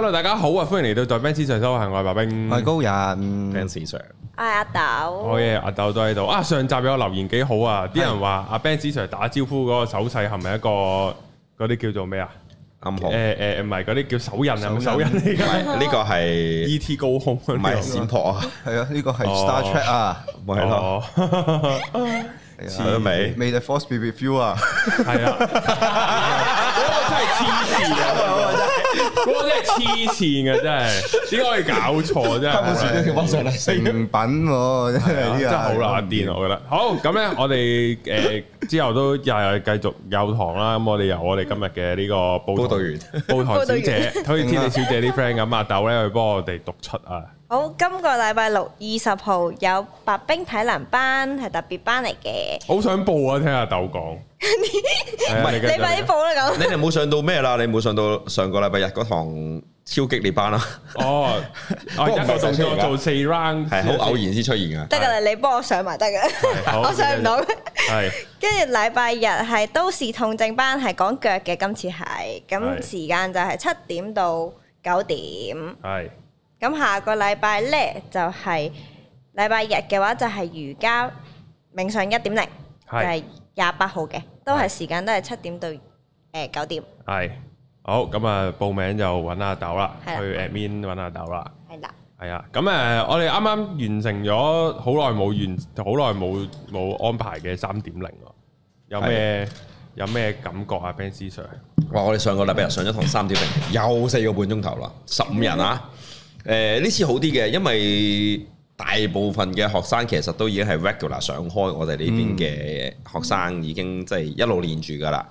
hello，大家好啊！歡迎嚟到《在 Benz 上修行》，我係我係白兵，唔係高人 Benz Sir，係阿豆，好嘅，阿豆都喺度啊！上集有留言幾好啊！啲人話阿 Benz Sir 打招呼嗰個手勢係咪一個嗰啲叫做咩啊暗號？誒誒，唔係嗰啲叫手印啊，手印嚟嘅，呢個係 E T 高空，唔係閃托啊？係啊，呢個係 Star Trek 啊？係咯，係啊。May the force be with you 啊？係啊，我真驚喜啦！嗰 真係黐線嘅，真係點解可以搞錯真係？成品、啊 啊、真係真係好難掂，電我覺得。好，咁咧，我哋誒之後都又繼續有堂啦。咁我哋由我哋今日嘅呢個報道員、報台小姐、好似天地小姐啲 friend，咁阿豆咧去幫我哋讀出啊。好，今個禮拜六二十號有白兵體能班，係特別班嚟嘅。好想報啊！聽阿豆講，你快啲報啦咁。你哋冇上到咩啦？你冇上到上個禮拜日嗰堂超激烈班啦。哦，我一個仲要我做四 round，係好偶然先出現噶。得噶啦，你幫我上埋得噶，我上唔到。係。跟住禮拜日係都市痛症班，係講腳嘅。今次係咁，時間就係七點到九點。係。咁下個禮拜咧就係禮拜日嘅話就係瑜伽冥想一點零，係廿八號嘅，都係時間都係七點到誒九點。係好咁啊，報名就揾阿豆啦，去 admin 揾阿豆啦。係啦。係啊，咁誒，我哋啱啱完成咗好耐冇完，好耐冇冇安排嘅三點零，有咩有咩感覺啊？Benz Sir，哇，我哋上個禮拜日上咗堂三點零，又四個半鐘頭啦，十五人啊！誒呢、呃、次好啲嘅，因為大部分嘅學生其實都已經係 regular 上開，我哋呢邊嘅學生、嗯、已經即係一路練住噶啦，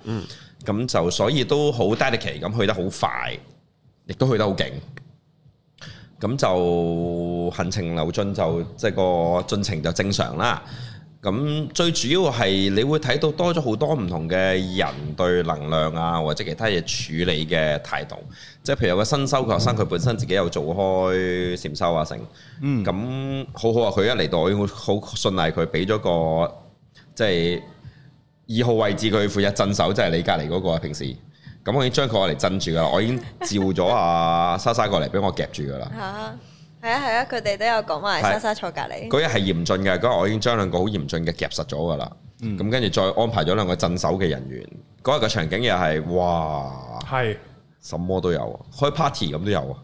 咁、嗯、就所以都好 dedicate 咁去得好快，亦都去得好勁，咁就行程流進就即係、就是、個進程就正常啦。咁最主要係你會睇到多咗好多唔同嘅人對能量啊，或者其他嘢處理嘅態度，即係譬如有個新收嘅學生，佢、嗯、本身自己又做開禪修啊，成，嗯，咁好好啊，佢一嚟到，我好信賴佢，俾咗個即係二號位置，佢負責鎮守，即係你隔籬嗰個啊，平時，咁我已經將佢攞嚟鎮住噶啦，我已經召咗阿、啊、莎莎過嚟俾我夾住噶啦。 係啊係啊，佢哋都有講埋莎莎坐隔離。嗰日係嚴峻嘅，嗰日我已經將兩個好嚴峻嘅夾實咗㗎啦。咁跟住再安排咗兩個鎮守嘅人員。嗰日嘅場景又係哇，係的什麼都有，啊，開 party 咁都有啊。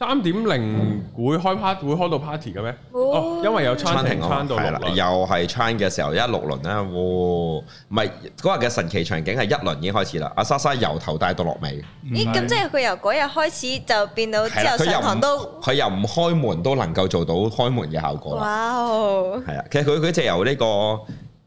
三點零會開 part、嗯、會，會開到 party 嘅咩？哦、oh，因為有餐廳到係啦，又係餐嘅時候一六輪啦，唔係嗰日嘅神奇場景係一輪已經開始啦，阿莎莎由頭帶到落尾。咦是？咁、欸、即係佢由嗰日開始就變到之後上堂都佢又唔開門都能夠做到開門嘅效果。哇！係啊，其實佢佢就由呢、這個。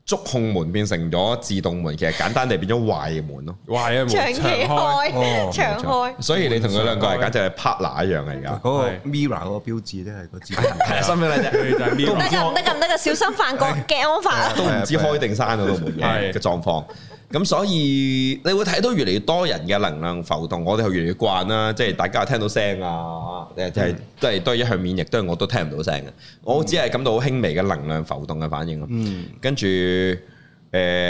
觸控門變成咗自動門，其實簡單地變咗壞門咯，壞門長期開長開，長開，所以你同佢兩個係簡直係 partner 一樣啊！而家嗰個 mirror 嗰個標誌都係個字，係新咩嚟啫？都唔得唔得唔得，小心犯規嘅玩法，都唔 對 知開定閂嗰個門嘅狀況。 對 咁所以你會睇到越嚟越多人嘅能量浮動，我哋係越嚟越慣啦。即係大家又聽到聲啊，嗯、即係都係都係一向免疫，都係我都聽唔到聲嘅。我只係感到好輕微嘅能量浮動嘅反應。嗯、跟住誒，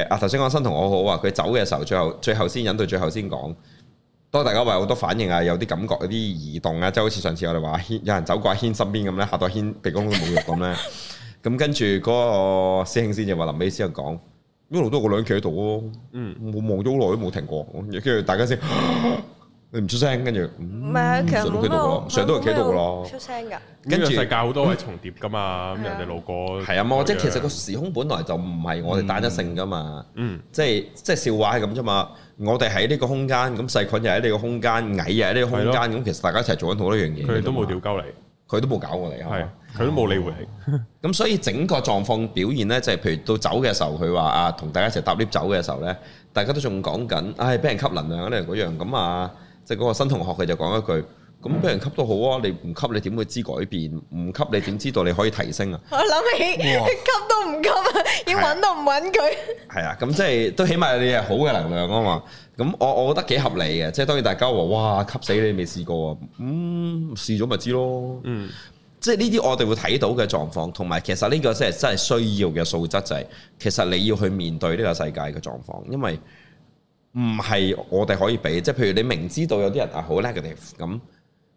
阿頭先講新同我好啊，佢走嘅時候，最後最後先忍到，最後先講。當大家話好多反應啊，有啲感覺有啲移動啊，即係好似上次我哋話牽有人走過牽身邊咁咧，嚇到牽鼻哥都冇肉咁咧。咁、嗯嗯嗯、跟住嗰個師兄先就話林美師又講。一路都我兩企喺度咯，嗯，我望咗好耐都冇停過，跟住大家先，你唔出聲，跟住唔係啊，企喺度咯，成日都係企喺度咯，出聲噶，跟住世界好多係重疊噶嘛，咁人哋路過，係啊嘛，即係其實個時空本來就唔係我哋單一性噶嘛，嗯，即係即係笑話係咁啫嘛，我哋喺呢個空間，咁細菌又喺呢個空間，蟻又喺呢個空間，咁其實大家一齊做緊好多樣嘢，佢哋都冇掉鳩嚟。佢都冇搞過你，係佢都冇理會你。咁所以整個狀況表現咧，就係、是、譬如到走嘅時候，佢話啊，同大家一齊搭 lift 走嘅時候咧，大家都仲講緊，唉、哎，俾人吸能量嗰樣嗰樣咁啊。即係嗰個新同學佢就講一句，咁俾人吸都好啊，你唔吸你點會知改變？唔吸你點知道你可以提升啊？我諗起哇 吸都唔吸都啊，要揾都唔揾佢。係啊，咁即係都起碼你係好嘅能量啊嘛。咁我我覺得幾合理嘅，即係當然大家話哇，吸死你未試過啊，咁試咗咪知咯。嗯，嗯，即係呢啲我哋會睇到嘅狀況，同埋其實呢個先係真係需要嘅素質，就係，就係其實你要去面對呢個世界嘅狀況，因為唔係我哋可以避。即係譬如你明知道有啲人啊好 negative，咁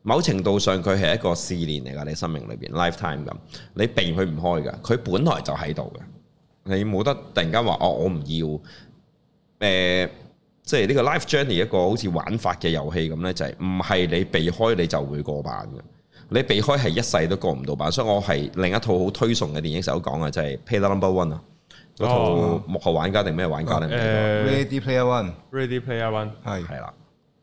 某程度上佢係一個試煉嚟㗎，你生命裏邊 lifetime 咁，你避佢唔開㗎，佢本來就喺度嘅，你冇得突然間話哦我唔要，誒、呃。即係呢個 life journey 一個好似玩法嘅遊戲咁咧，就係唔係你避開你就會過版嘅，你避開係一世都過唔到版。所以我係另一套好推崇嘅電影首講嘅就係 Pay Number One 啊，嗰套幕後玩家定咩玩家咧？Ready Player One，Ready Player One 係，係啦，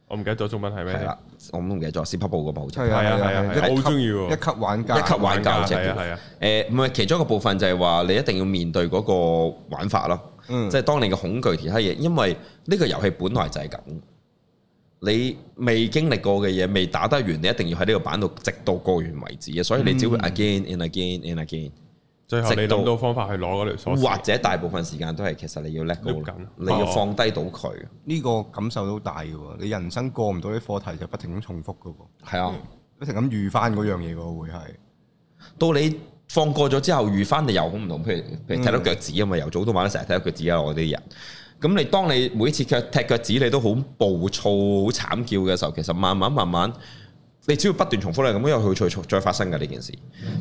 我唔記得咗中文係咩啦，我唔記得咗。史匹堡嗰部劇係啊，係啊，我好鍾意一級玩家，一級玩家嘅，係啊誒，唔係其中一個部分就係話你一定要面對嗰個玩法咯。即係當你嘅恐懼其他嘢，因為呢個遊戲本來就係咁，你未經歷過嘅嘢未打得完，你一定要喺呢個版度直到過完為止啊！所以你只會 again and again and again，、嗯、到最後你諗到方法去攞嗰條鎖匙，或者大部分時間都係，其實你要 let go，你要放低到佢，呢、啊啊啊啊這個感受都大嘅喎！你人生過唔到啲課題就不停咁重複嘅喎。係啊，不停咁預翻嗰樣嘢嘅會係，到你。放過咗之後，遇翻你又好唔同。譬如譬如踢到腳趾啊嘛，嗯、由早到晚都成日踢到腳趾啊，我哋啲人。咁你當你每次踢踢腳趾，你都好暴躁、好慘叫嘅時候，其實慢慢慢慢，你只要不斷重複你咁樣，因再去再再發生嘅呢件事。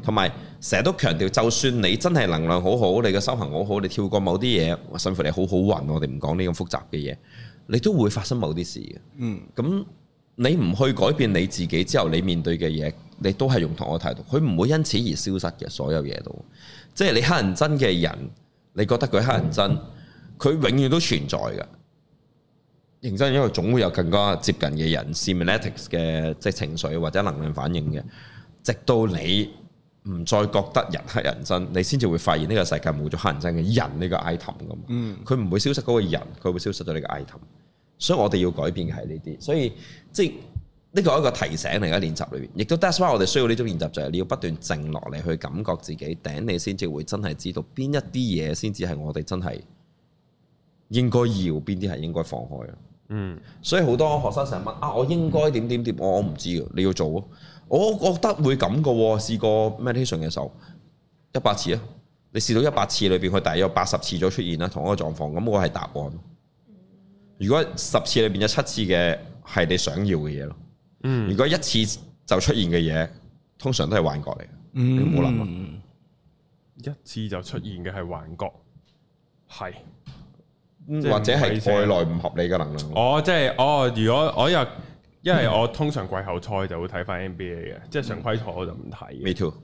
同埋成日都強調，就算你真係能量好好，你嘅修行好好，你跳過某啲嘢，甚至乎你好好運，我哋唔講呢咁複雜嘅嘢，你都會發生某啲事嘅。嗯，咁你唔去改變你自己之後，你面對嘅嘢。你都係用同我態度，佢唔會因此而消失嘅。所有嘢都，即係你黑人憎嘅人，你覺得佢黑人憎，佢、嗯、永遠都存在嘅。認真，因為總會有更加接近嘅人 semantics 嘅即係情緒或者能量反應嘅，嗯、直到你唔再覺得人黑人憎，你先至會發現呢個世界冇咗黑人憎嘅人呢個 item 咁，嘛，佢唔會消失嗰個人，佢會消失咗你個 item，所以我哋要改變嘅係呢啲，所以即呢個係一個提醒嚟嘅練習裏邊，亦都 that's why 我哋需要呢種練習，就係你要不斷靜落嚟去感覺自己頂，你先至會真係知道邊一啲嘢先至係我哋真係應該要邊啲係應該放開咯。嗯，所以好多學生成日問啊，我應該點點點？我唔知，你要做咯！我覺得會咁嘅喎，試過 meditation 嘅時候一百次啊，你試到一百次裏邊，佢大約八十次咗出現啦，同一個狀況，咁我係答案。如果十次裏邊有七次嘅係你想要嘅嘢咯。嗯，如果一次就出現嘅嘢，通常都係幻覺嚟嘅。嗯，冇諗、啊、一次就出現嘅係幻覺，係、嗯、或者係外來唔合理嘅能量。嗯嗯嗯、哦，即係哦，如果我又因為我通常季後賽就會睇翻 NBA 嘅，嗯、即係常規賽我就唔睇、嗯。Me too。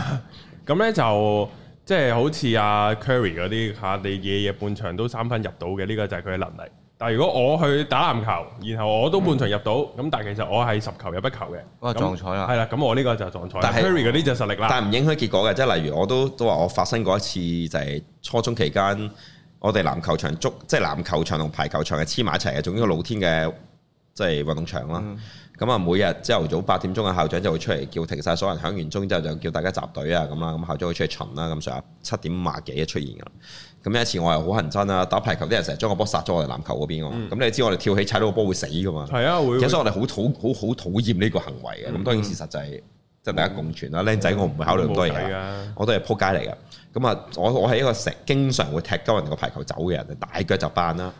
咁咧就即、係、係好似阿 Curry 嗰啲嚇，你夜夜半場都三分入到嘅呢、呢個就係佢嘅能力。嗱，如果我去打籃球，然後我都半場入到，咁、嗯、但係其實我係十球入一球嘅，我撞彩啦，係啦，咁我呢個就係撞彩但是、嗯。但係啲就實力啦，但係唔影響結果嘅。即係例如我都都話我發生過一次就係初中期間，嗯、我哋籃球場足即係籃球場同排球場係黐埋一齊嘅，仲有露天嘅即係運動場啦。嗯咁啊，每日朝頭早八點鐘啊，校長就會出嚟叫停晒。所有人響完鐘之後就叫大家集隊啊，咁啦，咁校長會出去巡啦，咁上下七點五廿幾啊出現噶啦。咁有一次我係好認真啦，打排球啲人成日將個波殺咗我哋籃球嗰邊咁、嗯、你知我哋跳起踩到個波會死㗎嘛。係啊、嗯，會。其實我哋好討好好討厭呢個行為嘅。咁、嗯、當然事實就係即係大家共存啦。僆仔、嗯、我唔會考慮咁多嘢、嗯嗯嗯嗯、我都係撲街嚟㗎。咁啊，我我係一個成、嗯、經常會踢鳩人個排球走嘅人，大腳就班啦。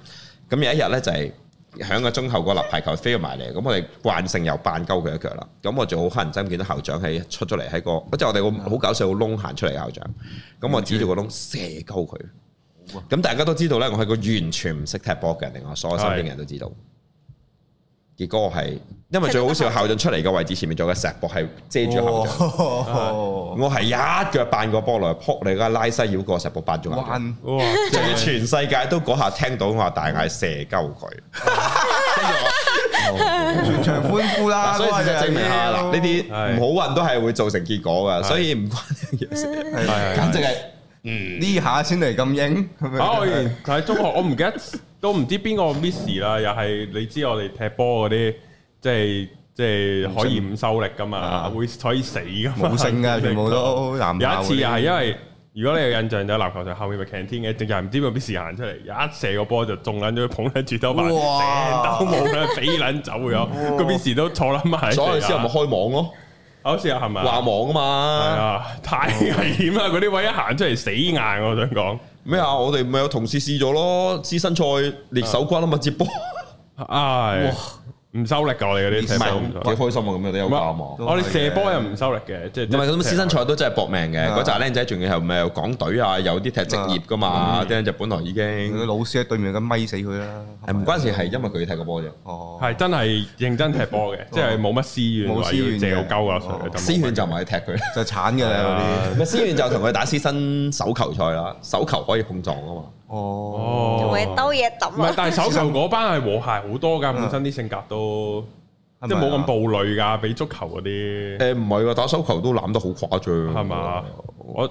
咁有一日咧就係。嗯嗯嗯喺個中後，個立排球飛咗埋嚟，咁我哋慣性又扮鳩佢一腳啦。咁我就好黑人憎見到校長喺出咗嚟，喺個即係我哋好搞笑，好窿行出嚟嘅校長。咁我指住個窿射鳩佢。咁大家都知道咧，我係個完全唔識踢波嘅人，我所有身邊嘅人都知道。結果我係，因為最好笑校長出嚟嘅位置前面仲有個石壆係遮住口，哦。我係一腳扳個波落，撲你家拉西繞過石壆扳咗，哇玩！甚至全世界都嗰下聽到我話大嗌射鳩佢，哦、 全場歡呼啦！所以就證明下嗱，呢啲唔好運都係會造成結果嘅，是 所以唔關事，是 簡直係。呢下先嚟咁，佢喺中學，我唔記得，都唔知邊個 miss 啦，又係你知我哋踢波嗰啲，即係即係可以唔收力㗎嘛，會可以死㗎嘛，無㗎全部都。有一次又係因為如果你有印象就籃球場後面咪 canteen 嘅，就係唔知個 miss 行出嚟，一射個波就中撚咗，捧喺住兜板，成兜網咧俾撚走咗，個 miss 都坐撚埋。嗰陣時又冇開網咯。好似下係咪？滑網啊嘛，嗯、太危險啦！嗰啲位一行出嚟死硬，啊，我想講咩啊？我哋咪有同事試咗咯，撕新菜裂手骨啊嘛，接波。唉！唔收力噶，我哋嗰啲唔係幾開心啊！咁有啲優化啊嘛，我哋射波又唔收力嘅，即係唔係咁私生賽都真係搏命嘅。嗰紮靚仔仲要係咪又港隊啊？有啲踢職業噶嘛，啲人就本來已經老師喺對面咁咪死佢啦。唔關事，係因為佢踢過波啫。哦，係真係認真踢波嘅，即係冇乜私怨，借到鳩啊！私怨就唔係踢佢，就慘嘅啦。啲咪私怨就同佢打私生手球賽啦，手球可以碰撞啊嘛。哦，用兜嘢揼唔係，但係手球嗰班係和諧好多噶，本身啲性格都是是、啊、即係冇咁暴戾噶，比足球嗰啲。誒、欸，唔係噶，打手球都攬得好誇張，係嘛吧、嗯？我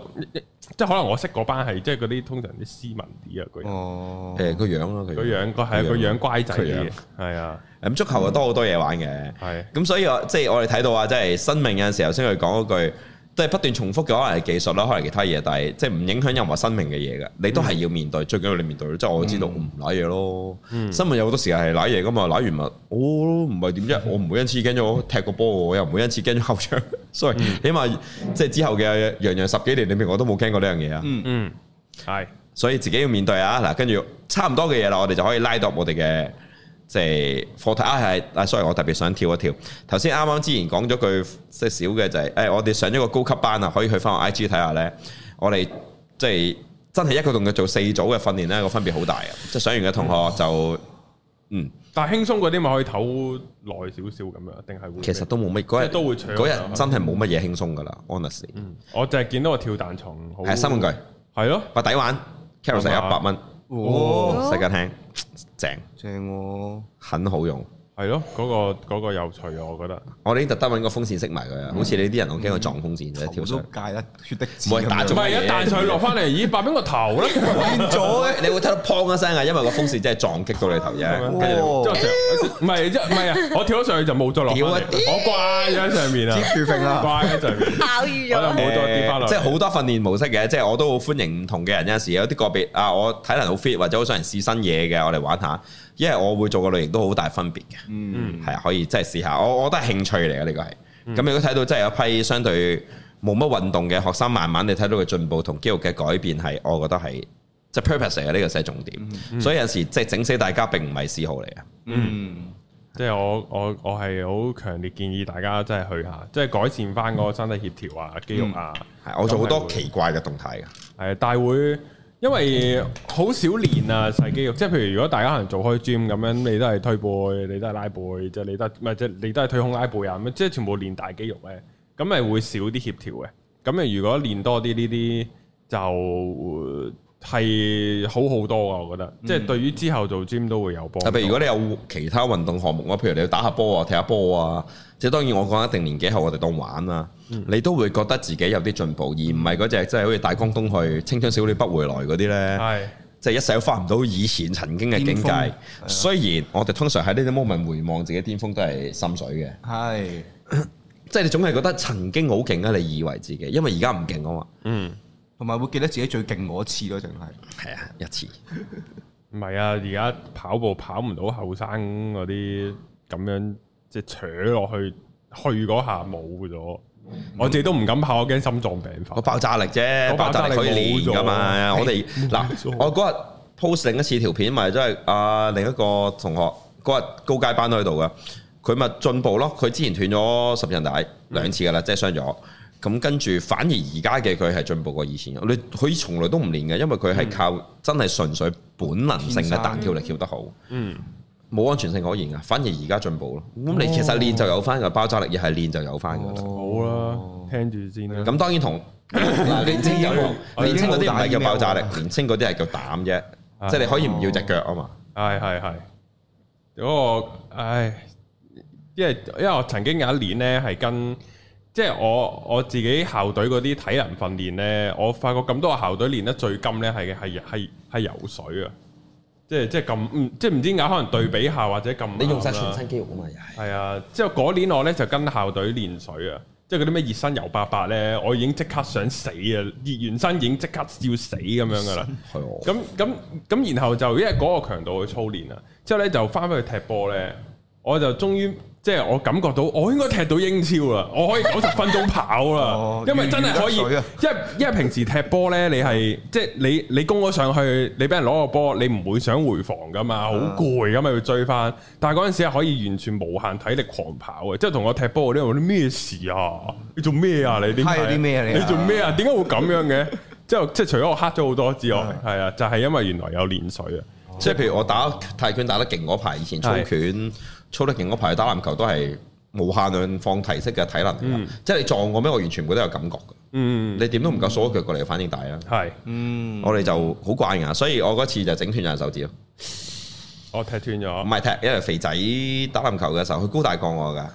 即係可能我識嗰班係，即係嗰啲通常啲斯文啲、嗯欸、啊，佢人、就是。哦。誒、就是，個樣咯，個樣。係個樣乖仔啊。係啊。咁足球又多好多嘢玩嘅。係、嗯。咁所以啊，即係我哋睇到啊，即係生命有陣時候先去講嗰句。都係不斷重複嘅，可能係技術啦，可能其他嘢，但係即係唔影響任何生命嘅嘢嘅，你都係要面對。嗯、最緊要你面對即係我知道唔瀨嘢咯。生活、嗯、有好多時係瀨嘢噶嘛，瀨完物，哦，唔係點啫，我唔會因此驚咗踢個波，我又唔會因此驚咗扣槍。 所以、嗯、起碼即係之後嘅樣樣十幾年裏面我都冇驚過呢樣嘢啊。嗯嗯，係，所以自己要面對啊。嗱，跟住差唔多嘅嘢啦，我哋就可以拉到我哋嘅。即係課題啊，係啊，所以、就是哎喔、我特別想跳一跳。頭先啱啱之前講咗句即係少嘅就係，誒、哎、我哋上咗個高級班啊，可以去翻我 IG 睇下咧。我哋即係真係一個同佢做四組嘅訓練咧，個分別好大嘅。即係上完嘅同學就嗯， 但係輕鬆嗰啲咪可以唞耐少少咁樣，定係會其實都冇乜嗰日都會嗰日真係冇乜嘢輕鬆噶啦。honestly、嗯、我就係見到個跳彈牀係新玩具，係咯，個底吧玩 c a r r l 成一百蚊，哦，世界聽。正，就係我很好用。係咯，嗰個嗰個有趣啊！我覺得，我哋已經特登揾個風扇熄埋佢啊！好似你啲人，我驚佢撞風扇啫，跳出街一脫的，唔係一彈就落翻嚟，咦？百邊個頭咧？變咗，你會聽到砰一聲啊！因為個風扇真係撞擊到你頭嘅，跟住跳，唔係唔係啊！我跳咗上去就冇再落，我掛咗上面啊！接住揈啦，掛喺上面，我就冇再跌翻落。即係好多訓練模式嘅，即係我都好歡迎唔同嘅人有陣時有啲個別啊！我體能好 fit 或者好想人試新嘢嘅，我哋玩下。因為我會做個類型都好大分別嘅，嗯，係啊，可以真係試下。我我覺得係興趣嚟嘅呢個係。咁、嗯、如果睇到真係有一批相對冇乜運動嘅學生，慢慢你睇到佢進步同肌肉嘅改變係，我覺得係即係 purpose 嚟嘅呢個先係重點。嗯、所以有時即係、就是、整死大家並唔係嗜好嚟嘅。嗯，即係是、嗯、我我我係好強烈建議大家真係去下，即、就、係、是、改善翻嗰個身體協調啊、嗯、肌肉啊。係、嗯，我做好多會奇怪嘅動態嘅。係，但會。因為好少練啊，細肌肉，即係譬如如果大家可能做開 gym 咁樣，你都係推背，你都係拉、拉背，即係你都唔係即係你都係推胸拉背啊，咁即係全部練大肌肉咧，咁咪會少啲協調嘅。咁咪如果練多啲呢啲，就係好好多啊！我覺得，即係、嗯、對於之後做 gym 都會有幫助。但譬如如果你有其他運動項目，我譬如你要打下波啊、踢下波啊，即係當然我講一定年紀後我哋當玩啦。你都會覺得自己有啲進步，而唔係嗰隻即係好似大江東去、青春少女不回來嗰啲呢，的即係一世都翻唔到以前曾經嘅境界。雖然我哋通常喺呢啲 moment 回望自己巔峰都係心水嘅，的即係你總係覺得曾經好勁啊！你以為自己，因為而家唔勁啊嘛。嗯，同埋會記得自己最勁嗰次咯、啊，淨係係啊，一次唔係 啊！而家跑步跑唔到後生嗰啲咁樣，即係扯落去去嗰下冇咗。我哋都唔敢怕我驚心臟病發。個爆炸力啫，爆炸力可以練噶嘛。我哋嗱，我嗰日 post 另一次條片咪即係啊，另一個同學嗰日高階班都喺度噶，佢咪進步咯。佢之前斷咗十人帶兩次噶啦，嗯、即係傷咗。咁跟住反而而家嘅佢係進步過以前。你佢從來都唔練嘅，因為佢係靠真係純粹本能性嘅彈跳力跳得好。嗯。嗯冇安全性可言啊！反而而家進步咯。咁你其實練就有翻嘅爆炸力，亦係練就有翻嘅。好啦，聽住先啦。咁當然同年青嗰啲唔係叫爆炸力，年青嗰啲係叫膽啫。即係你可以唔要隻腳啊嘛。係係係。如果我唉，因為因為我曾經有一年咧係跟，即係我我自己校隊嗰啲體能訓練咧，我發覺咁多個校隊練得最勁咧係嘅係係游水啊！即係即係咁，即係唔知點解可能對比下或者咁。你用晒全身肌肉啊嘛，又係的。啊的，之後嗰年我咧就跟校隊練水啊，即係嗰啲咩熱身游八百咧，我已經即刻想死啊，熱完身已經即刻要死咁 樣噶啦。咁咁咁，然後就因為嗰個強度去操練啊，之後咧就翻返去踢波咧，我就終於。即係我感覺到，我應該踢到英超啦，我可以九十分鐘跑啦， 哦、因為真係可以，啊、因為因為平時踢波呢、就是，你係即係你你攻咗上去，你俾人攞個波，你唔會想回防噶嘛，好攰噶嘛。要追翻。但係嗰陣時可以完全無限體力狂跑嘅，即係同我踢波嗰啲有啲咩事啊？你做咩啊？你你做咩啊？點解、啊 啊、會咁樣嘅？即係即係除咗我黑咗好多之外，係啊，啊，就係、是、因為原來有練水啊。哦、即係譬如我打泰拳打得勁嗰排，以前操拳。是操得勁嗰排打籃球都係無限量放體式嘅體能、嗯、即係你撞我咩？我完全會都有感覺嘅。嗯、你點都唔夠，掃一腳過嚟反應大啦。係，嗯、我哋就好慣㗎，所以我嗰次就整斷咗隻手指咯。我踢斷咗。唔係踢，因為肥仔打籃球嘅時候，佢高大過我㗎。誒、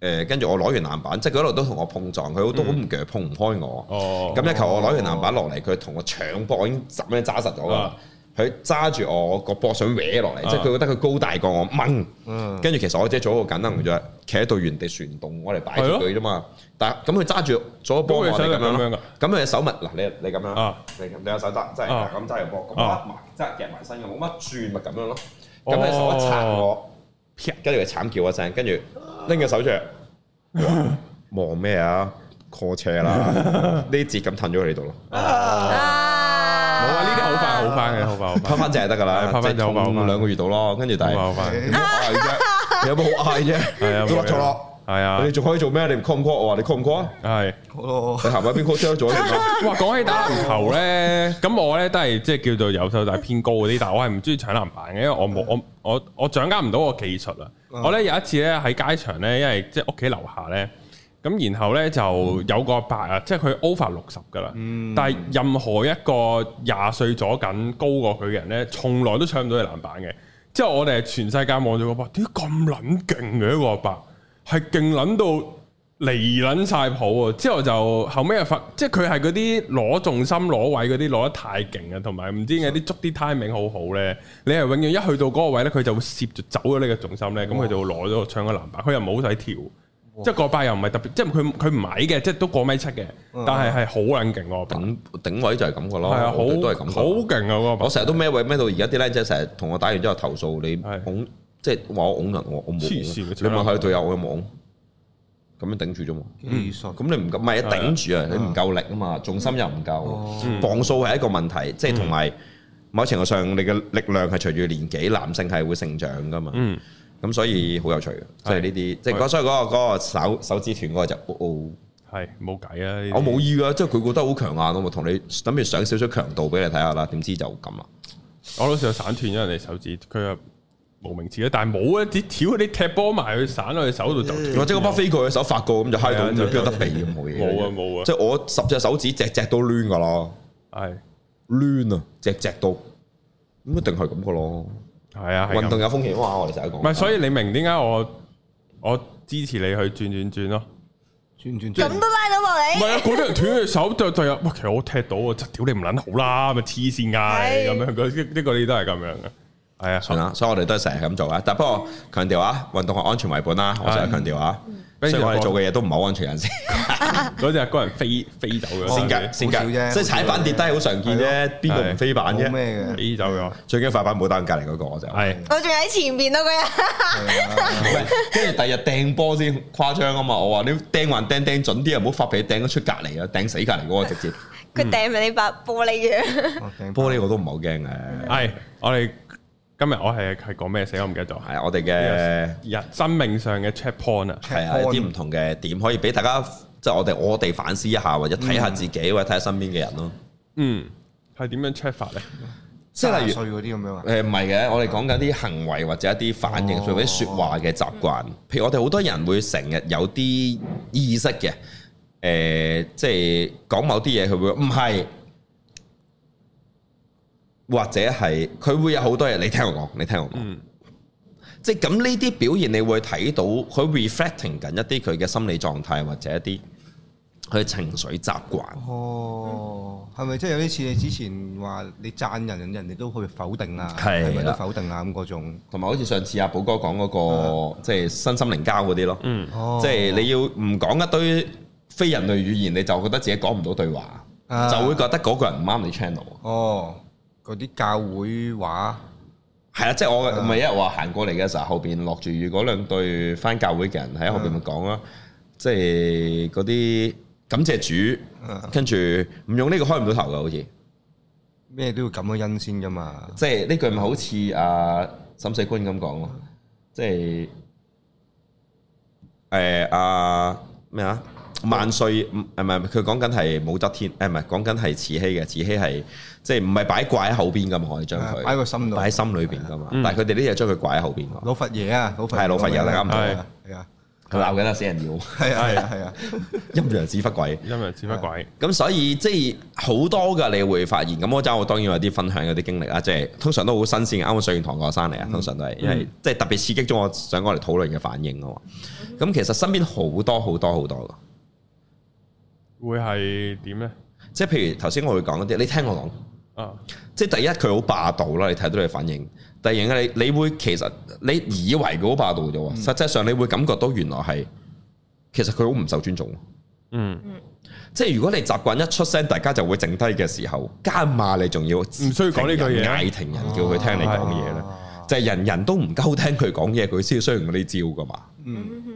呃，跟住我攞完籃板，即係佢一路都同我碰撞，佢好多好唔鋸，碰唔開我。嗯、哦。咁一球我攞完籃板落嚟，佢同我搶波，我已經十咩揸實咗㗎。嗯嗯佢揸住我個波想歪落嚟，即係佢覺得佢高大過我，掹，跟住其實我只係做一個簡單動作，企喺度原地旋動，我嚟擺住佢啫嘛。但係咁佢揸住咗個波我嚟咁樣咯，咁佢嘅手物，嗱你你咁樣，你你有手揸即係咁揸住波，咁甩埋，即係夾埋身嘅冇乜轉咪咁樣咯。咁佢手一撐我劈，跟住佢慘叫一聲，跟住拎個手出嚟望咩啊？call 車啦，呢節咁褪咗佢嚟度咯。呢啲好快，好翻嘅，好快，好快，翻，拍翻隻得噶啦，拍翻就做兩個月到咯。跟住第二有冇嗌啫？有冇好嗌啫？都落錯咯。係啊，你仲可以做咩？你唔 call 唔 call 我啊？你 call 唔 call 啊？係，你行翻邊 call 窗做一啲。哇，講起打籃球咧，咁我咧都係即係叫做有手，但係偏高嗰啲。但係我係唔中意搶籃板嘅，因為我冇我我我掌握唔到個技術啊。我咧有一次咧喺街場咧，因為即係屋企樓下咧。咁然後咧就有個阿伯啊，嗯、即係佢 over 六十㗎啦。嗯、但係任何一個廿歲左近高過佢嘅人咧，從來都搶唔到佢籃板嘅。之後我哋係全世界望住個伯，點解咁撚勁嘅呢個阿伯？係勁撚到離撚晒譜啊！之後就後尾又發，即係佢係嗰啲攞重心攞位嗰啲攞得太勁啊，同埋唔知點解啲捉啲 timing 好好咧。嗯、你係永遠一去到嗰個位咧，佢就會攝住走咗你嘅重心咧，咁佢、哦嗯、就攞咗搶個籃板。佢又冇使跳。即係個八又唔係特別，即係佢佢唔矮嘅，即係都過米七嘅，但係係好撚勁，頂頂位就係咁噶咯，都係咁，好勁啊！我成日都咩位咩到，而家啲咧真係成日同我打完之後投訴你拱，即係話我拱人，我我冇，你問下隊友，我冇拱，咁樣頂住咗。咁你唔唔係啊？頂住啊！你唔夠力啊嘛，重心又唔夠，磅數係一個問題，即係同埋某程度上你嘅力量係隨住年紀，男性係會成長噶嘛。咁所以好有趣嘅，即係呢啲，即係嗰，所以嗰個個手手指斷嗰就，哦，係冇計啊！我冇意噶，即係佢覺得好強硬，我咪同你諗住上少少強度俾你睇下啦。點知就咁啊，我老時散斷咗人哋手指，佢又無名指啊，但係冇啊！啲條啲踢波埋去散落去手度就，或者個波飛過佢手發過咁就嗨到，邊有得避咁冇嘢？冇啊冇啊！即係我十隻手指隻隻都攣噶咯，係攣啊隻隻都，咁一定係咁嘅咯。係啊，運動有風險，哇！我哋成日講，唔係，所以你明點解我我支持你去轉轉轉咯，轉轉轉咁都拉到落嚟，唔係啊！好多 人斷嘅手，對對有，喂，其實我踢到啊，真屌你唔捻好啦，咪黐線嗌咁樣，呢呢啲都係咁樣。係啊，所以我哋都係成日咁做啊。但不過強調啊，運動係安全為本啦，我成日強調啊。所以我哋做嘅嘢都唔係好安全人先。嗰日個人飛飛走咗，先格性即係踩板跌低好常見啫。邊個唔飛板啫？飛走咗，最驚塊板冇打隔籬嗰個我就係。我仲喺前邊嗰個人，跟住第日掟波先誇張啊嘛！我話你掟還掟掟準啲啊，唔好發俾掟咗出隔籬啊，掟死隔籬嗰個直接。佢掟埋你塊玻璃嘅，玻璃我都唔係好驚嘅。係我哋。今日我係係講咩事，我唔記得咗。係我哋嘅人生命上嘅 check point 啊，係啊，一啲唔同嘅點可以俾大家，即係，我哋我哋反思一下，或者睇下自己，嗯、或者睇下身邊嘅人咯。嗯，係點樣 check 法咧？即係例如嗰啲咁樣誒，唔係嘅，我哋講緊啲行為或者一啲反應，仲有啲說話嘅習慣。譬如我哋好多人會成日有啲意識嘅，誒、呃，即係講某啲嘢，佢會唔係？或者係佢會有好多嘢，你聽我講，你聽我講。嗯、即係咁呢啲表現，你會睇到佢 reflecting 緊一啲佢嘅心理狀態，或者一啲佢情緒習慣。哦，係咪即係有啲似你之前話你讚人，人哋都去否，否定啊？係咪係都否定啊？咁嗰種。同埋好似上次阿、啊、寶哥講嗰個，即係身心靈交嗰啲咯。嗯。哦。即係你要唔講一堆非人類語言，你就覺得自己講唔到對話，嗯、就會覺得嗰個人唔啱你 channel。哦。嗰啲教會話係啊，即係我唔係因為我行過嚟嘅時候，後邊落住雨嗰兩對返教會嘅人喺後邊咪講咯。嗯、即係嗰啲感謝主，跟住唔用呢個開唔到頭嘅好似咩都要咁樣恩先㗎嘛，即係呢句咪好似阿沈世官咁講咯，即係誒阿咩啊？萬歲！唔係佢講緊係武則天，誒唔係講緊係慈禧嘅。慈禧係即係唔係擺掛喺後邊噶嘛？可以將佢擺個心度，擺喺心裏邊噶嘛？但係佢哋呢啲嘢將佢掛喺後邊個。老佛爺啊，老佛爺係老佛爺，大家唔係啊。係啊，鬧緊啦，死人妖。係啊係啊係啊，陰陽子忽鬼，陰陽子忽鬼。咁所以即係好多嘅，你會發現。咁我週我當然有啲分享有啲經歷啦，即係通常都好新鮮。啱啱上完堂過山嚟啊，通常都係，因為即係特別刺激咗我想講嚟討論嘅反應啊。咁其實身邊好多好多好多嘅。會係點呢？即係譬如頭先我會講嗰啲，你聽我講。啊，即係第一佢好霸道啦，你睇到你反應。第二嘅你你會其實你以為佢好霸道啫，實際上你會感覺到原來係其實佢好唔受尊重。嗯，即係如果你習慣一出聲，大家就會靜低嘅時候，加罵你仲要唔需要講呢句嘢，嗌停人叫佢聽你講嘢咧，啊、就係人人都唔夠聽佢講嘢，佢先需要用呢招㗎嘛。嗯